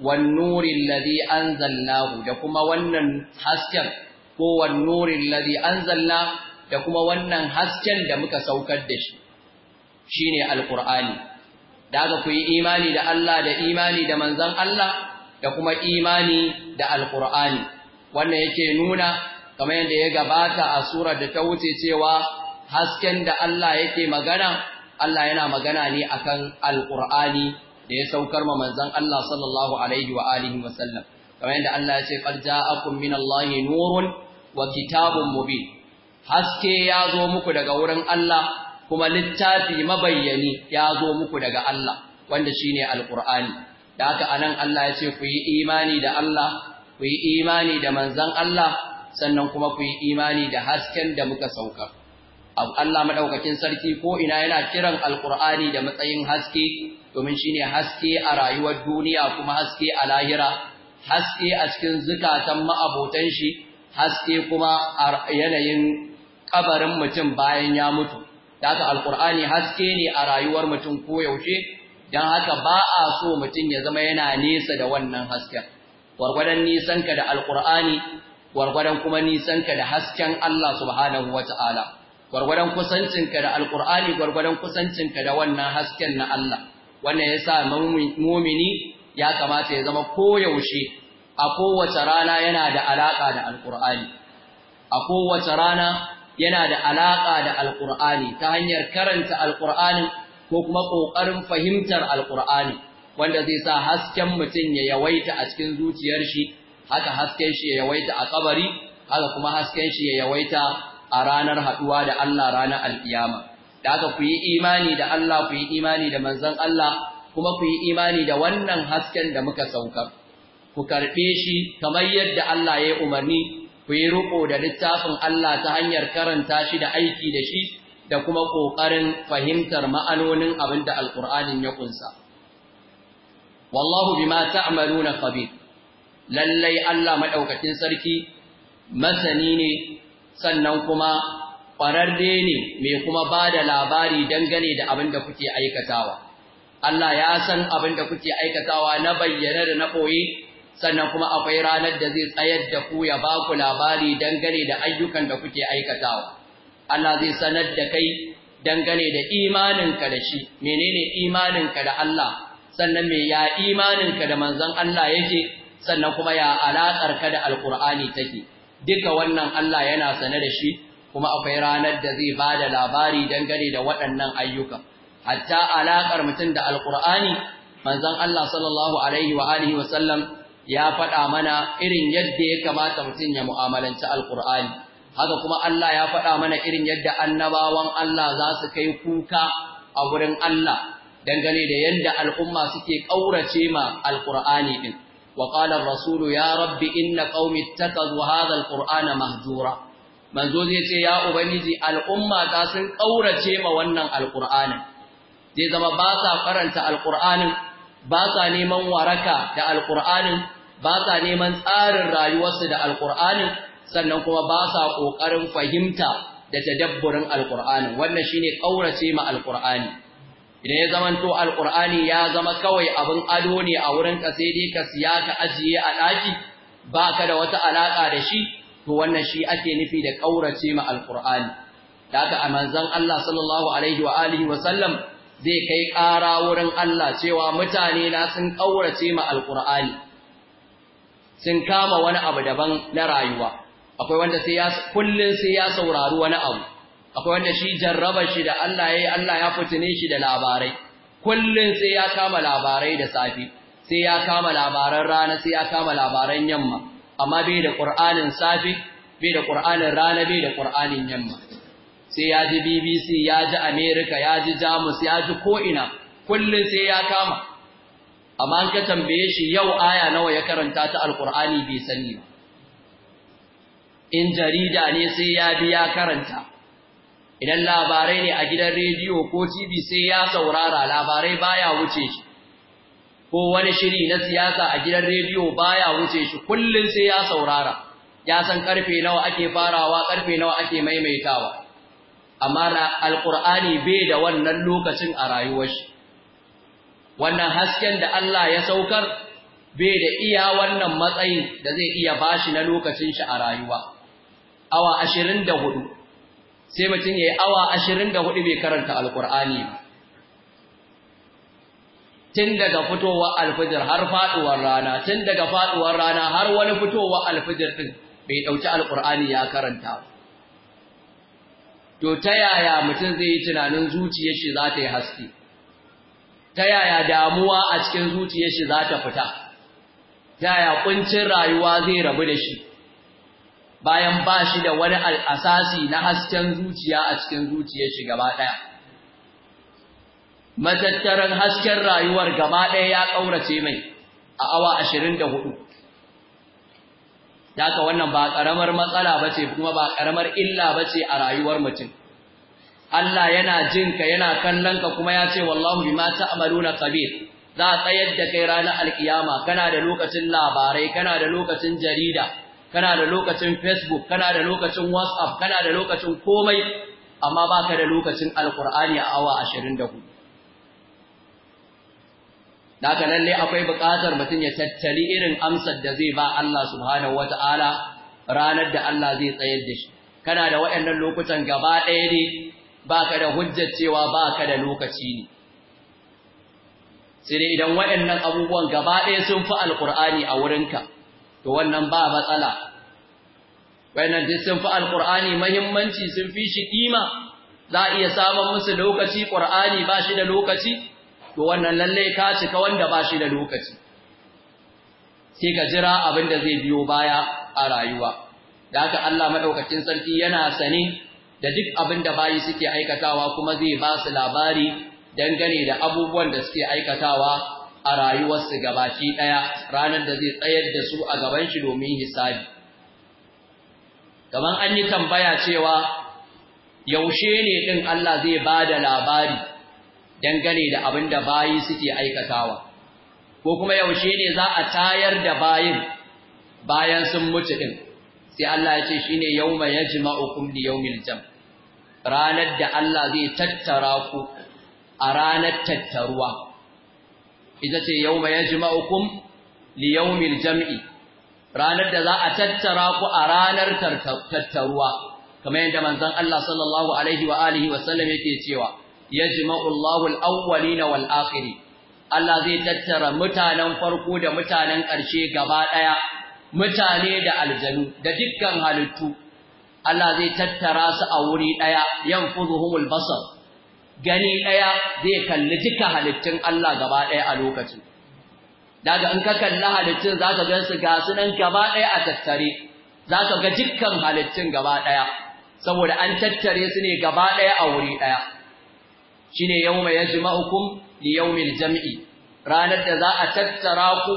wan nurin ladhi anzalnahu da kuma wannan hasken ko wan nurin ladhi anzalna da kuma wannan hasken da muka saukar da shi shine alqur'ani daga ku yi imani da Allah da imani da manzon Allah da kuma imani da alqur'ani wannan yake nuna kamar yadda ya gabata a sura da ta wuce cewa hasken da Allah yake magana Allah yana magana ne akan alqur'ani da ya saukar ma manzon Allah sallallahu alaihi wa alihi wa sallam kamar yadda Allah ya ce qad ja'akum minallahi nurun wa kitabun mubin haske ya zo muku daga wurin Allah kuma littafi mabayyani ya zo muku daga Allah wanda shine alqur'ani da haka anan Allah ya ce ku yi imani da Allah ku yi imani da manzon Allah sannan kuma ku yi imani da hasken da muka sauka Allah maɗaukakin sarki ko ina yana kiran Alƙur'ani da matsayin haske domin shi ne haske a rayuwar duniya kuma haske a lahira haske a cikin zukatan ma'abotan shi haske kuma a yanayin ƙabarin mutum bayan ya mutu Daka haka haske ne a rayuwar mutum ko yaushe, don haka ba a so mutum ya zama yana nesa da wannan hasken gwargwadon nisanka da alkur'ani gwargwadon kuma nisanka da hasken Allah subhanahu Ta'ala, gwargwadon kusancinka da alur'ani gwargwadon kusancinka da wannan hasken na Allah wannan yasa mu'mini ya kamata ya zama koyaushe a kowace rana yana da alaƙa da alqur'ani a kowace rana yana da alaƙa da alqur'ani ta hanyar karanta alqur'ani ko kuma ƙoƙarin fahimtar alqur'ani wanda zai sa hasken mutum ya yawaita a cikin zuciyar shi haka hasken shi ya yawaita a kabari haka kuma hasken shi ya yawaita a ranar haduwa da Allah ranar alkiyama da haka ku yi imani da Allah ku yi imani da manzon Allah kuma ku yi imani da wannan hasken da muka saukar ku karbe shi kamar yadda Allah ya yi umarni ku yi riko da littafin Allah ta hanyar karanta shi da aiki da shi da kuma ƙoƙarin fahimtar ma'anonin abin da alƙur'anin ya ƙunsa. Wallahu bima ta'maluna khabir lallai Allah maɗaukakin sarki masani ne sannan kuma ƙwararre ne mai kuma ba da labari dangane da abin da kuke aikatawa. Allah ya san abin da kuke aikatawa na bayyana da na ɓoye, sannan kuma akwai ranar da zai tsayar da ku ya ba ku labari dangane da ayyukan da kuke aikatawa. Allah zai sanar da kai dangane da imaninka da shi, menene imaninka da Allah, sannan me ya imaninka da manzon Allah yake sannan kuma ya alaƙar ka da alƙur'ani take duka wannan Allah yana sane da shi kuma akwai ranar da zai ba da labari dangane da waɗannan ayyuka hatta alaƙar mutum da alƙur'ani manzon Allah sallallahu alaihi wa alihi wa sallam ya faɗa mana irin yadda ya kamata mutum ya mu'amalanci alƙur'ani haka kuma Allah ya faɗa mana irin yadda annabawan Allah za su kai kuka a wurin Allah dangane da yadda al'umma suke ƙaurace ma alƙur'ani ɗin. ya rabbi يا رب إن قوم اتخذوا هذا القرآن مهجورا manzo zai ce ya ubangiji al'umma ta sun ƙaurace ma wannan alqur'anin zai zama ba sa karanta alqur'anin ba sa neman waraka da alqur'anin ba sa neman tsarin rayuwarsu da alqur'anin sannan kuma ba sa kokarin fahimta da tadabburin alqur'anin wannan shine ƙaurace ma alqur'ani idan ya zama to alqur'ani ya zama kawai abin ado ne a wurin ka sai dai ka siya ka ajiye a ba baka da wata alaƙa da shi to wannan shi ake nufi da ƙaurace ma alqur'ani daga a manzon Allah sallallahu alaihi wa alihi wa sallam zai kai ƙara wurin Allah cewa mutane na sun kaurace ma alqur'ani sun kama wani abu daban na rayuwa akwai wanda sai ya kullun sai ya saurari wani abu akwai wanda shi jarraba shi da Allah yayi Allah ya fitine shi da labarai kullun sai ya kama labarai da safi sai ya kama labaran rana sai ya kama labaran yamma amma bai da Qur'anin safi bai da Qur'anin rana bai da Qur'anin yamma sai ya ji BBC ya ji America ya ji Jamus ya ji ko ina kullun sai ya kama amma an ka tambaye shi yau aya nawa ya karanta ta Alqur'ani bai sani ba in jarida ne sai ya bi ya karanta idan labarai ne a gidan rediyo ko TV sai ya saurara labarai baya wuce shi ko wani shiri na siyasa a gidan rediyo baya wuce shi kullum sai ya saurara ya san karfe nawa ake farawa karfe nawa ake maimaitawa amma alqur'ani bai da wannan lokacin a rayuwar shi wannan hasken da Allah ya saukar bai da iya wannan matsayin da zai iya bashi na lokacin shi a rayuwa awa 24 sai mutum ya yi awa ashirin da hudu bai karanta alkur'ani ba tun daga fitowar alfijir har faduwar rana tun daga faduwar rana har wani fitowa alfijir din bai ɗauki alkur'ani ya karanta to ta yaya mutum zai yi tunanin zuciyar shi za ta yi haske ta yaya damuwa a cikin zuciyar shi za ta fita ta yaya kuncin rayuwa zai rabu da shi bayan ba shi da wani asasi na hasken zuciya a cikin zuciyar shi gaba ɗaya. Matattaren hasken rayuwar gaba ɗaya ya ƙaurace mai a awa ashirin da hudu. Daka wannan ba ƙaramar matsala ba ce kuma ba ƙaramar illa ba ce a rayuwar mutum. Allah yana jin ka yana kallon ka kuma ya ce wallahu bima ta'maluna kabir. Za a tsayar da kai ranar alkiyama kana da lokacin labarai kana da lokacin jarida kana da lokacin Facebook kana da lokacin WhatsApp kana da lokacin komai amma ba ka da lokacin Alkur'ani a awa ashirin da hudu. daga lalle akwai buƙatar mutum ya tattali irin amsar da zai ba Allah subhanahu wa ta'ala ranar da Allah zai tsayar da shi kana da waɗannan lokutan gaba ɗaya ne ka da hujjar cewa ba ka da lokaci ne sai idan waɗannan abubuwan gaba ɗaya sun fi alkur'ani a wurinka to wannan ba matsala Wai duk sun fi alqur'ani muhimmanci sun fi shi kima za a iya samun musu lokaci qur'ani ba shi da lokaci to wannan lalle ka cika wanda ba shi da lokaci sai ka jira abin da zai biyo baya a rayuwa da haka Allah madaukakin sarki yana sane da duk abin da bayi suke aikatawa kuma zai ba su labari dangane da abubuwan da suke aikatawa a rayuwarsu gabaki ɗaya ranar da zai tsayar da su a gaban shi domin hisabi. Gaban an yi tambaya cewa yaushe ne ɗin Allah zai ba da labari dangane da abin da bayi suke aikatawa, ko kuma yaushe ne za a tayar da bayin bayan sun mutu ɗin, sai Allah ya ce shi ne yau mai yaji ma'ukum jam? ranar da Allah zai tattara ku a ranar tattaruwa. ita ce yawma yajma'ukum li yawmil jam'i ranar da za a tattara ku a ranar tattaruwa kamar yadda manzon Allah sallallahu alaihi wa alihi wa yake cewa ya Allahu al na wal akhirin Allah zai tattara mutanen farko da mutanen ƙarshe gaba ɗaya mutane da aljanu da dukkan halittu Allah zai tattara su a wuri ɗaya yan yanfuzuhumul basar gani ɗaya zai kalli duka halittun Allah gaba ɗaya a lokacin daga in ka kalli halittun za ka gan su ga su nan gaba ɗaya a tattare za ka ga dukkan halittun gaba ɗaya saboda an tattare su ne gaba ɗaya a wuri ɗaya shine yawma yajma'ukum li yawmil jam'i ranar da za a tattara ku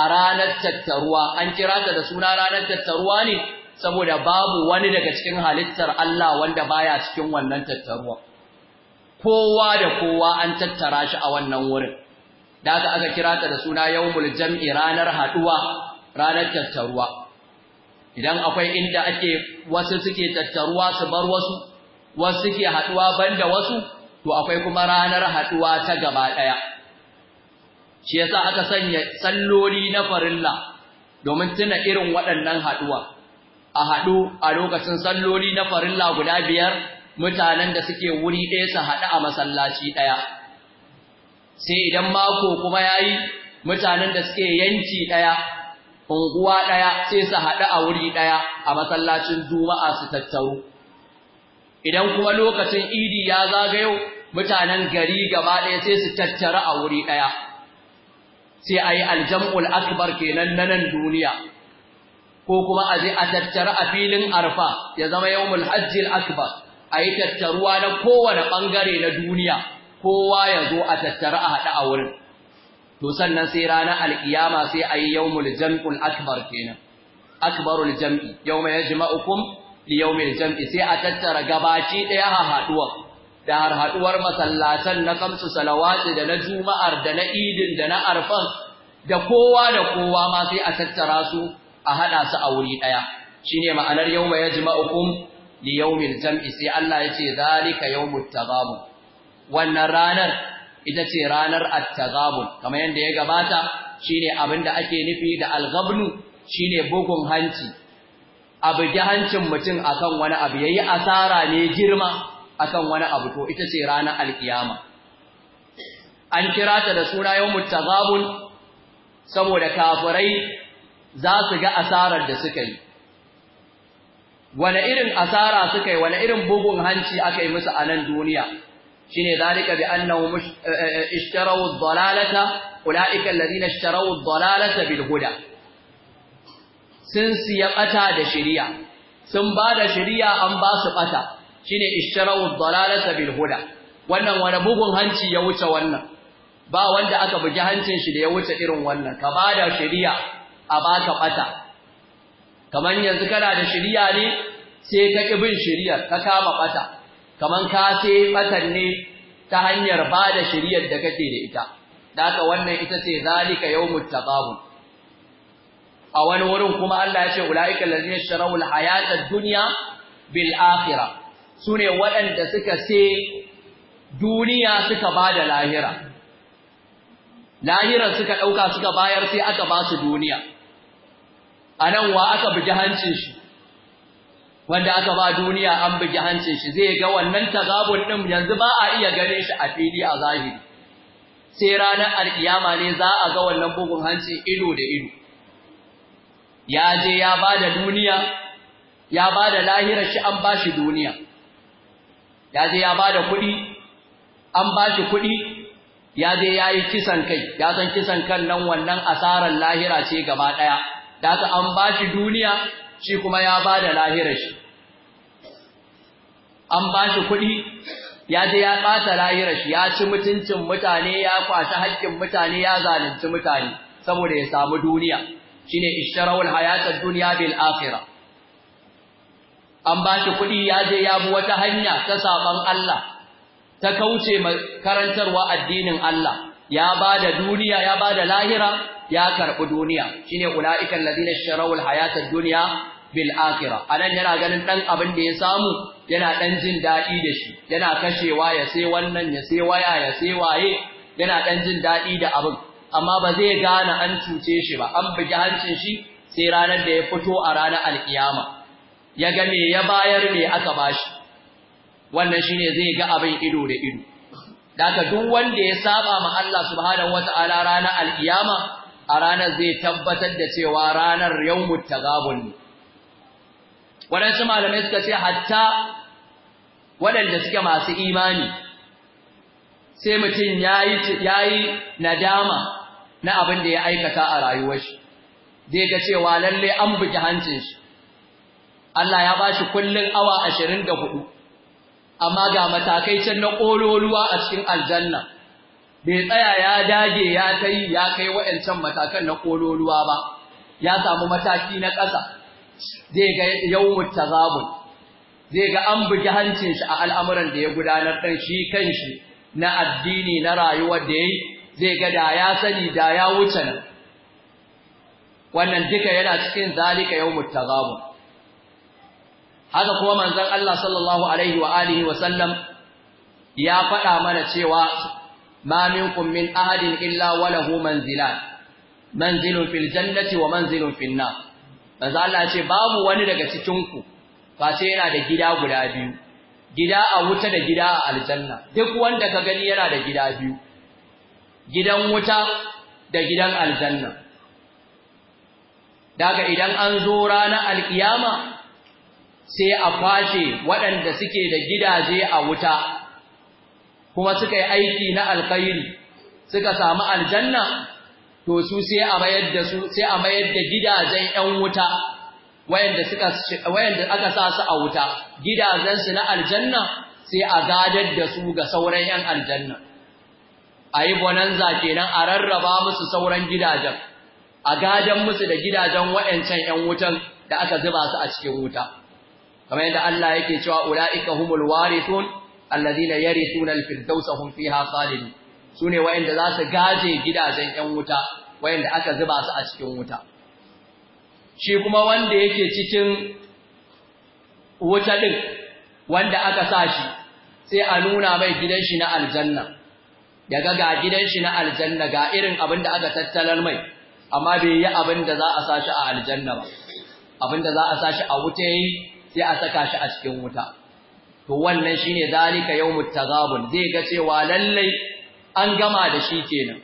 a ranar tattaruwa an kira ta da suna ranar tattaruwa ne saboda babu wani daga cikin halittar Allah wanda baya cikin wannan tattaruwa kowa da kowa an tattara shi a wannan wurin da aka aka kira ta da suna yawmul jam'i ranar haduwa ranar tattaruwa idan akwai inda ake wasu suke tattaruwa su bar wasu wasu suke haduwa banda wasu to akwai kuma ranar haduwa ta gaba daya shi yasa aka sanya salloli na farilla domin tuna irin waɗannan haɗuwa, a haɗu a lokacin salloli na farilla guda biyar mutanen da suke wuri ɗaya su haɗu a masallaci ɗaya sai idan mako kuma yayi mutanen da suke yanci ɗaya unguwa ɗaya sai su haɗu a wuri ɗaya a masallacin juma'a su tattaru idan kuma lokacin idi ya zagayo mutanen gari gaba ɗaya sai su tattara a wuri ɗaya sai a yi aljam'ul akbar kenan na nan duniya ko kuma a je a tattara a filin arfa ya zama yawmul hajjil akbar a yi tattaruwa na kowane ɓangare na duniya kowa ya zo a tattara a haɗa a wurin to sannan sai ranar alkiyama sai a yi yawmul jam'ul akbar kenan akbarul jam'i yawma yajma'ukum li yawmil jam'i sai a tattara gabaci ɗaya a haɗuwar, da har haɗuwar masallatan na kamsu salawati da na juma'ar da na idin da na arfan da kowa da kowa ma sai a tattara su a haɗa su a wuri ɗaya shine ma'anar yawma yajma'ukum li yawmil jam'i sai Allah yace zalika yawmut tagabun wannan ranar ita ce ranar at-tagabun kamar yanda ya gabata shine abinda ake nufi da al-ghabnu shine bugun hanci abu ji hancin mutum akan wani abu yayi asara ne girma akan wani abu to ita ce ranar alkiyama an kira ta da suna yawmut tagabun saboda kafirai za su ga asarar da suka yi wani irin asara suka yi wani irin bugun hanci aka yi musu a nan duniya Shi ne, shine zalika bi annahum eh, eh, eh, ishtaraw ad-dalalata ulaika alladhina ishtaraw ad-dalalata bil huda sun siya bata da shari'a sun ba da shari'a an ba su bata Shi ne ad-dalalata bil huda wannan wani bugun hanci ya wuce wannan ba wanda aka bugi hancin shi da ya wuce irin wannan ka ba da shari'a a ba ka bata kaman yanzu kana da shirya ne sai ka ki bin shiriyar ka kama bata kaman ka sai batan ne ta hanyar ba da shiriyar da kake da ita Daka wannan ita ce zalika yawmut taqabun a wani wurin kuma Allah ya ce ulaika allazina sharawul hayatad dunya bil akhirah sune waɗanda suka sai duniya suka bada lahira lahirar suka dauka suka bayar sai aka ba su duniya a nan wa aka bugi hancin shi wanda aka ba duniya an bugi hancin shi zai ga wannan tagabun din yanzu ba a iya ganin shi a fili a zahiri sai ranar alkiyama ne za a ga wannan bugun hanci ido da ido ya je ya ba da duniya ya ba da lahirar shi an ba shi duniya ya je ya ba da kuɗi an ba shi kuɗi ya je ya yi kisan kai ya san kisan kan nan wannan asarar lahira ce gaba ɗaya da aka an ba shi duniya shi kuma ya ba da lahirar shi an ba shi kuɗi ya je ya ɓata lahirar shi ya ci mutuncin mutane ya kwashi hakkin mutane ya zalunci mutane saboda ya samu duniya shine ishtarawul hayatad duniya bil akhirah an ba shi kuɗi ya je ya bi wata hanya ta saban Allah ta kauce karantarwa addinin Allah ya bada duniya ya bada lahira ya karbi duniya shine ulaiikal ladina sharawul hayatad dunya bil akhirah anan yana ganin dan abin da ya samu yana dan jin dadi da shi yana kashewa ya sai wannan ya sai waya ya sai waye yana dan jin dadi da abin amma ba zai gane an cuce shi ba an bugi hancin shi sai ranar da ya fito a ranar alkiyama ya ga me ya bayar ne aka bashi wannan shine zai ga abin ido da ido Daka duk wanda ya saba ma Allah subhanahu wata'ala ranar alkiyama a ranar zai tabbatar da cewa ranar yawmut tagabun ne. Waɗansu malamai suka ce hatta waɗanda suke masu imani sai mutum yayi yayi nadama na abin da ya aikata a rayuwar shi. Zai ga cewa lalle an buji hancin shi. Allah ya bashi shi kullum awa ashirin da hudu. amma ga matakai can na kololuwa a cikin aljanna bai tsaya ya dage ya kai ya kai wa'ancan matakan na kololuwa ba ya samu mataki na ƙasa zai ga yawmut tazabun zai ga an bugi hancin shi a al'amuran da ya gudanar ɗan shi kan shi na addini na rayuwar da ya yi zai ga da ya sani da ya wuce wannan duka yana cikin zalika yawmut tazabun haka kuma manzon Allah sallallahu alaihi wa alihi wa sallam ya faɗa mana cewa ma minkum min ahadin illa walahu manzilan manzilun fil jannati wa manzilun fil nar manzo Allah ce babu wani daga cikin ku sai yana da gida guda biyu gida a wuta da gida a aljanna duk wanda ka gani yana da gida biyu gidan wuta da gidan aljanna daga idan an zo ranar alkiyama sai a kwashe waɗanda suke da gidaje a wuta kuma suka yi aiki na alkhairi suka samu aljanna to su sai a mayar da su sai a mayar da gidajen ƴan wuta wayanda aka sa su a wuta gidajen su na aljanna sai a gadar da su ga sauran ƴan aljanna ayi bonanza kenan a rarraba musu sauran gidajen a gadan musu da gidajen wayancan ƴan wutan da aka zuba su a cikin wuta kamar yadda Allah yake cewa ulaika humul warithun alladhina yarithuna al-firdausa hum fiha khalidun sune wayanda za su gaje gidajen ƴan wuta wayanda aka zuba su a cikin wuta shi kuma wanda yake cikin wuta din wanda aka sa shi sai a nuna mai gidan shi na aljanna daga ga gidan shi na aljanna ga irin abin da aka tattalar mai amma bai yi abin da za a sa shi a aljanna ba abin da za a sa a wuta yayi sai a saka shi a cikin wuta to wannan shine zalika yawmut tagabun zai ga cewa lallai an gama da shi kenan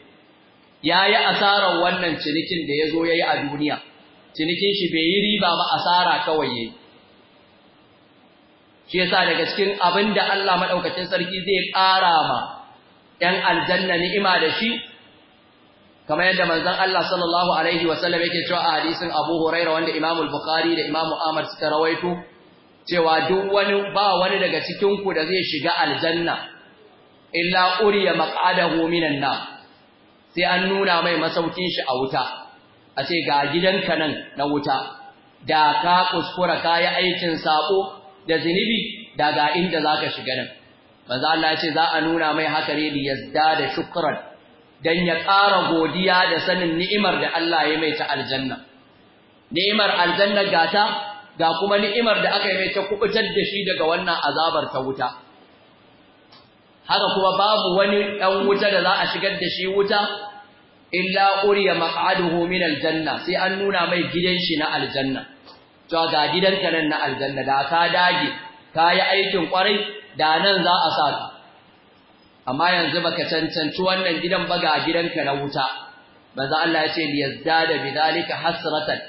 yayi asarar wannan cinikin da yazo yayi a duniya cinikin shi bai yi riba ba asara kawai yayi shi yasa daga cikin abin da Allah madaukakin sarki zai ƙara ma ɗan aljanna ni'ima da shi kamar yadda manzon Allah sallallahu alaihi wasallam yake cewa a hadisin Abu Hurairah wanda Imam Bukhari da Imam Ahmad suka rawaito cewa duk wani ba wani daga cikin ku da zai shiga aljanna illa uriya maqadahu minan na? sai an nuna mai masaukin shi a wuta a ce ga gidanka nan na wuta da ka kuskura kayi aikin sako da zinubi da ga inda zaka shiga nan manzo Allah ya ce za a nuna mai haka ne liyazda da shukran dan ya ƙara godiya da sanin ni'imar da Allah ya mai ta aljanna ni'imar aljanna gata ga kuma ni'imar da aka yi mai ta kubutar da shi daga wannan azabar ta wuta haka kuma babu wani ɗan wuta da za a shigar da shi wuta illa uriya maq'aduhu min aljanna sai an nuna mai gidan shi na aljanna to ga gidanka nan na aljanna da ka dage ka yi aikin kwarai da nan za a sa ka amma yanzu baka cancanci wannan gidan ba ga gidanka na wuta manzo Allah ya ce liyazdada bidhalika hasratan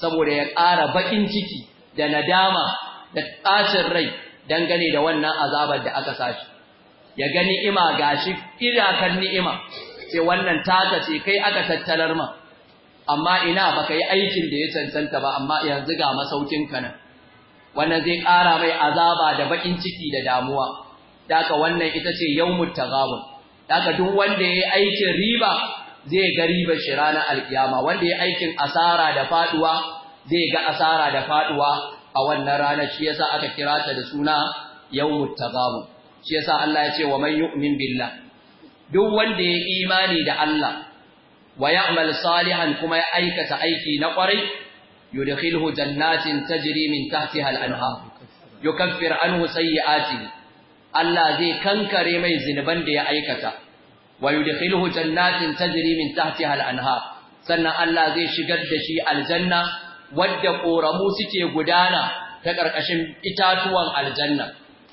saboda ya ƙara bakin ciki da nadama da tsacin rai dangane da wannan azabar da aka sashi ya ga ni'ima gashi kan ni'ima sai wannan taka ce kai aka tattalar ma amma ina baka yi aikin da ya cancanta ba amma yanzu ga masaukin ka nan wannan zai ƙara mai azaba da bakin ciki da damuwa daka wannan ita ce yawmut tagabun daka duk wanda yayi aikin riba zai ga riba shi ranar alkiyama wanda yayi aikin asara da faduwa zai ga asara da faduwa a wannan ranar shi yasa aka kira ta da suna yawmut taghabun shi yasa Allah ya ce wa man yu'min billah duk wanda ya imani da Allah wa ya'mal salihan kuma ya aikata aiki na kwarai yudkhilhu jannatin tajri min tahtiha al-anhar yukaffir anhu sayyi'atihi Allah zai kankare mai zinuban da ya aikata wa yudkhilhu jannatin tajri min tahtiha al-anhar sannan Allah zai shigar da shi aljanna wadda ƙoramu suke gudana ta ƙarƙashin itatuwan aljanna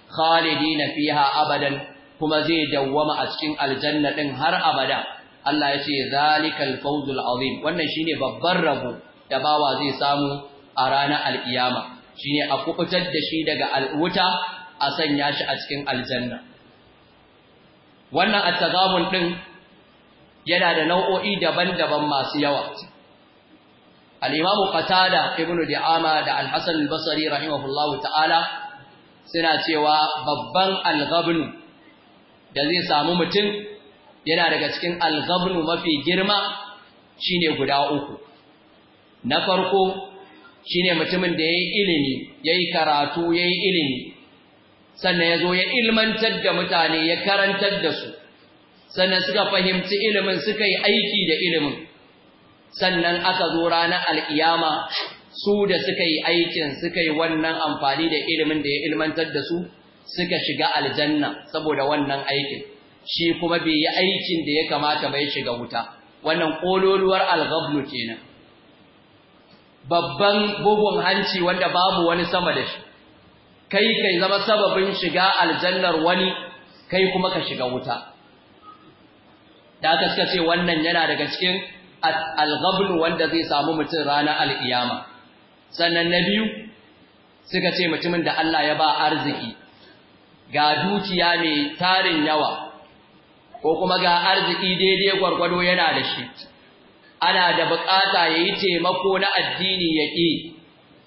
khalidina fiha abadan kuma zai dawwama a cikin aljanna din har abada Allah ya ce zalikal fawzul azim wannan shine babban rabo da bawa zai samu a ranar alkiyama shine a kubutar da shi daga alwuta a sanya shi a cikin aljanna wannan at ɗin din yana da nau'o'i daban-daban masu yawa Alimamu imamu qatada ibnu di'ama da al-hasan al-basri rahimahullahu ta'ala suna cewa babban al da zai samu mutum yana daga cikin al'gabnu mafi girma shine guda uku na farko shine mutumin da yayi ilimi yayi karatu yayi ilimi sannan yazo ya ilmantar da mutane ya karantar da su sannan suka fahimci ilimin suka yi aiki da ilimin sannan aka zo ranar alkiyama su da suka yi aikin suka yi wannan amfani da ilimin da ya ilmantar da su suka shiga aljanna saboda wannan aikin shi kuma bai yi aikin da ya kamata bai shiga wuta wannan kololuwar alghabnu kenan babban bugun hanci wanda babu wani sama da shi kai kai zama sababin shiga aljannar wani kai kuma ka shiga wuta da aka suka wannan yana daga cikin al wanda zai samu mutum ranar al'iyama sannan na biyu suka ce mutumin da Allah ya ba arziki ga dukiya mai tarin yawa ko kuma ga arziki daidai gwargwado yana da shi ana da bukata ya yi taimako na addini ya ƙi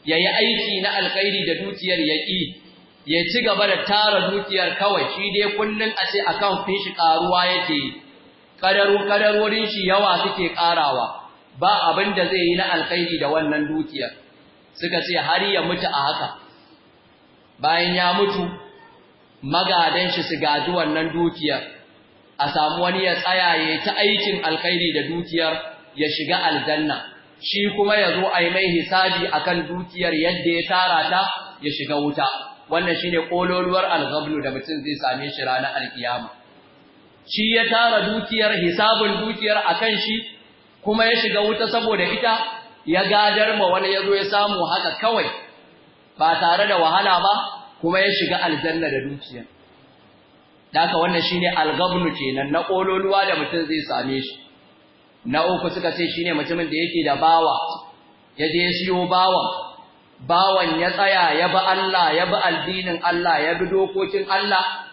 ya yi aiki na alkhairi da dukiyar ya ƙi ya ci gaba da tara dukiyar kawai shi dai kullum a ce akan fin shi ƙaruwa yake kadaru kadarorin shi yawa suke karawa ba abin da zai yi na alkhairi da wannan dukiyar, suka ce har ya mutu a haka bayan ya mutu magadan shi su gaji wannan dukiyar a samu wani ya tsayaye ta aikin alkhairi da dukiyar ya shiga aljanna shi kuma ya zo a yi mai hisabi akan dukiyar yadda ya tara ta ya shiga wuta wannan shine kololuwar alghablu da mutum zai same shi ranar alkiyama shi ya tara dukiyar hisabun dukiyar a kan shi kuma ya shiga wuta saboda ita ya gadar ma wani zo ya samu haka kawai ba tare da wahala ba kuma ya shiga aljanna da dukiyar daka wannan shine algabnu kenan na kololuwa da mutum zai same shi na uku suka ce shine mutumin da yake da bawa ya je siyo bawa bawan ya tsaya ya bi Allah ya bi addinin Allah ya bi dokokin Allah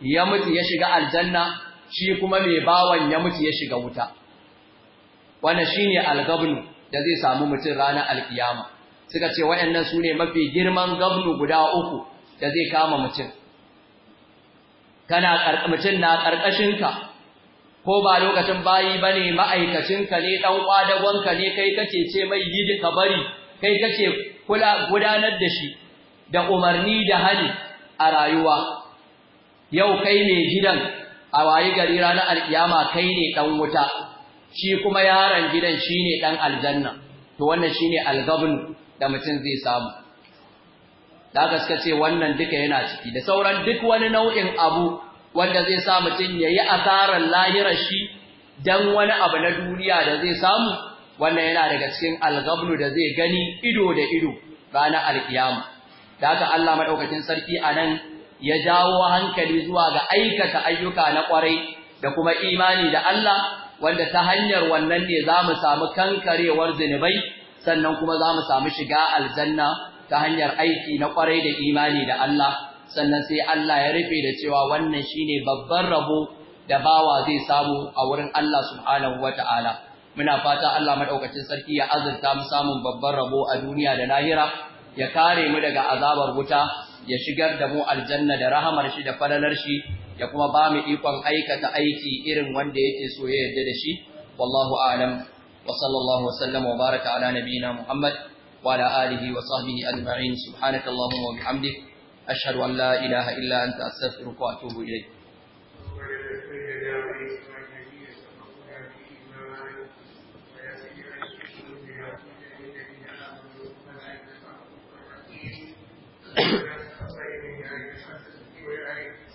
ya mutu ya shiga aljanna shi kuma mai bawan ya mutu ya shiga wuta wanda shine algabnu da zai samu mutum ranar alkiyama suka ce waɗannan su ne mafi girman gabnu guda uku da zai kama mutum kana mutum na ka? ko ba lokacin bayi ba ne ma'aikacinka ne ɗan ƙwadagonka ne kai kake ce mai yidi ka bari kai kake gudanar da shi da umarni da hali a rayuwa yau kai ne gidan a wayi gari ranar alkiyama kai ne dan wuta shi kuma yaron gidan shine dan aljanna to wannan shine algabun da mutum zai samu da gaske ce wannan duka yana ciki da sauran duk wani nau'in abu wanda zai sa mutum yayi asarar lahirar shi dan wani abu na duniya da zai samu wannan yana daga cikin algabnu da zai gani ido da ido ranar alkiyama da haka Allah madaukakin sarki anan ya jawo hankali zuwa ga aikata ayyuka na kwarai da kuma imani da Allah wanda ta hanyar wannan ne za mu samu kankarewar zinubai sannan kuma za mu samu shiga aljanna ta hanyar aiki na kwarai da imani da Allah sannan sai Allah ya rufe da cewa wannan shine babban rabo da bawa zai samu a wurin Allah subhanahu wata'ala muna fata Allah madaukakin sarki ya azurta mu samun babban rabo a duniya da lahira ya kare mu daga azabar wuta ya shigar da mu aljanna da rahamar shi da falalar shi ya kuma ba mu ikon aikata aiki irin wanda yake so ya yarda da shi wallahu a'lam wa sallallahu wa sallam, wa baraka ala nabiyyina muhammad wa ala alihi wa sahbihi ajma'in subhanaka allahumma wa bihamdik ashhadu an la ilaha illa anta astaghfiruka wa atubu ilayk Thank you.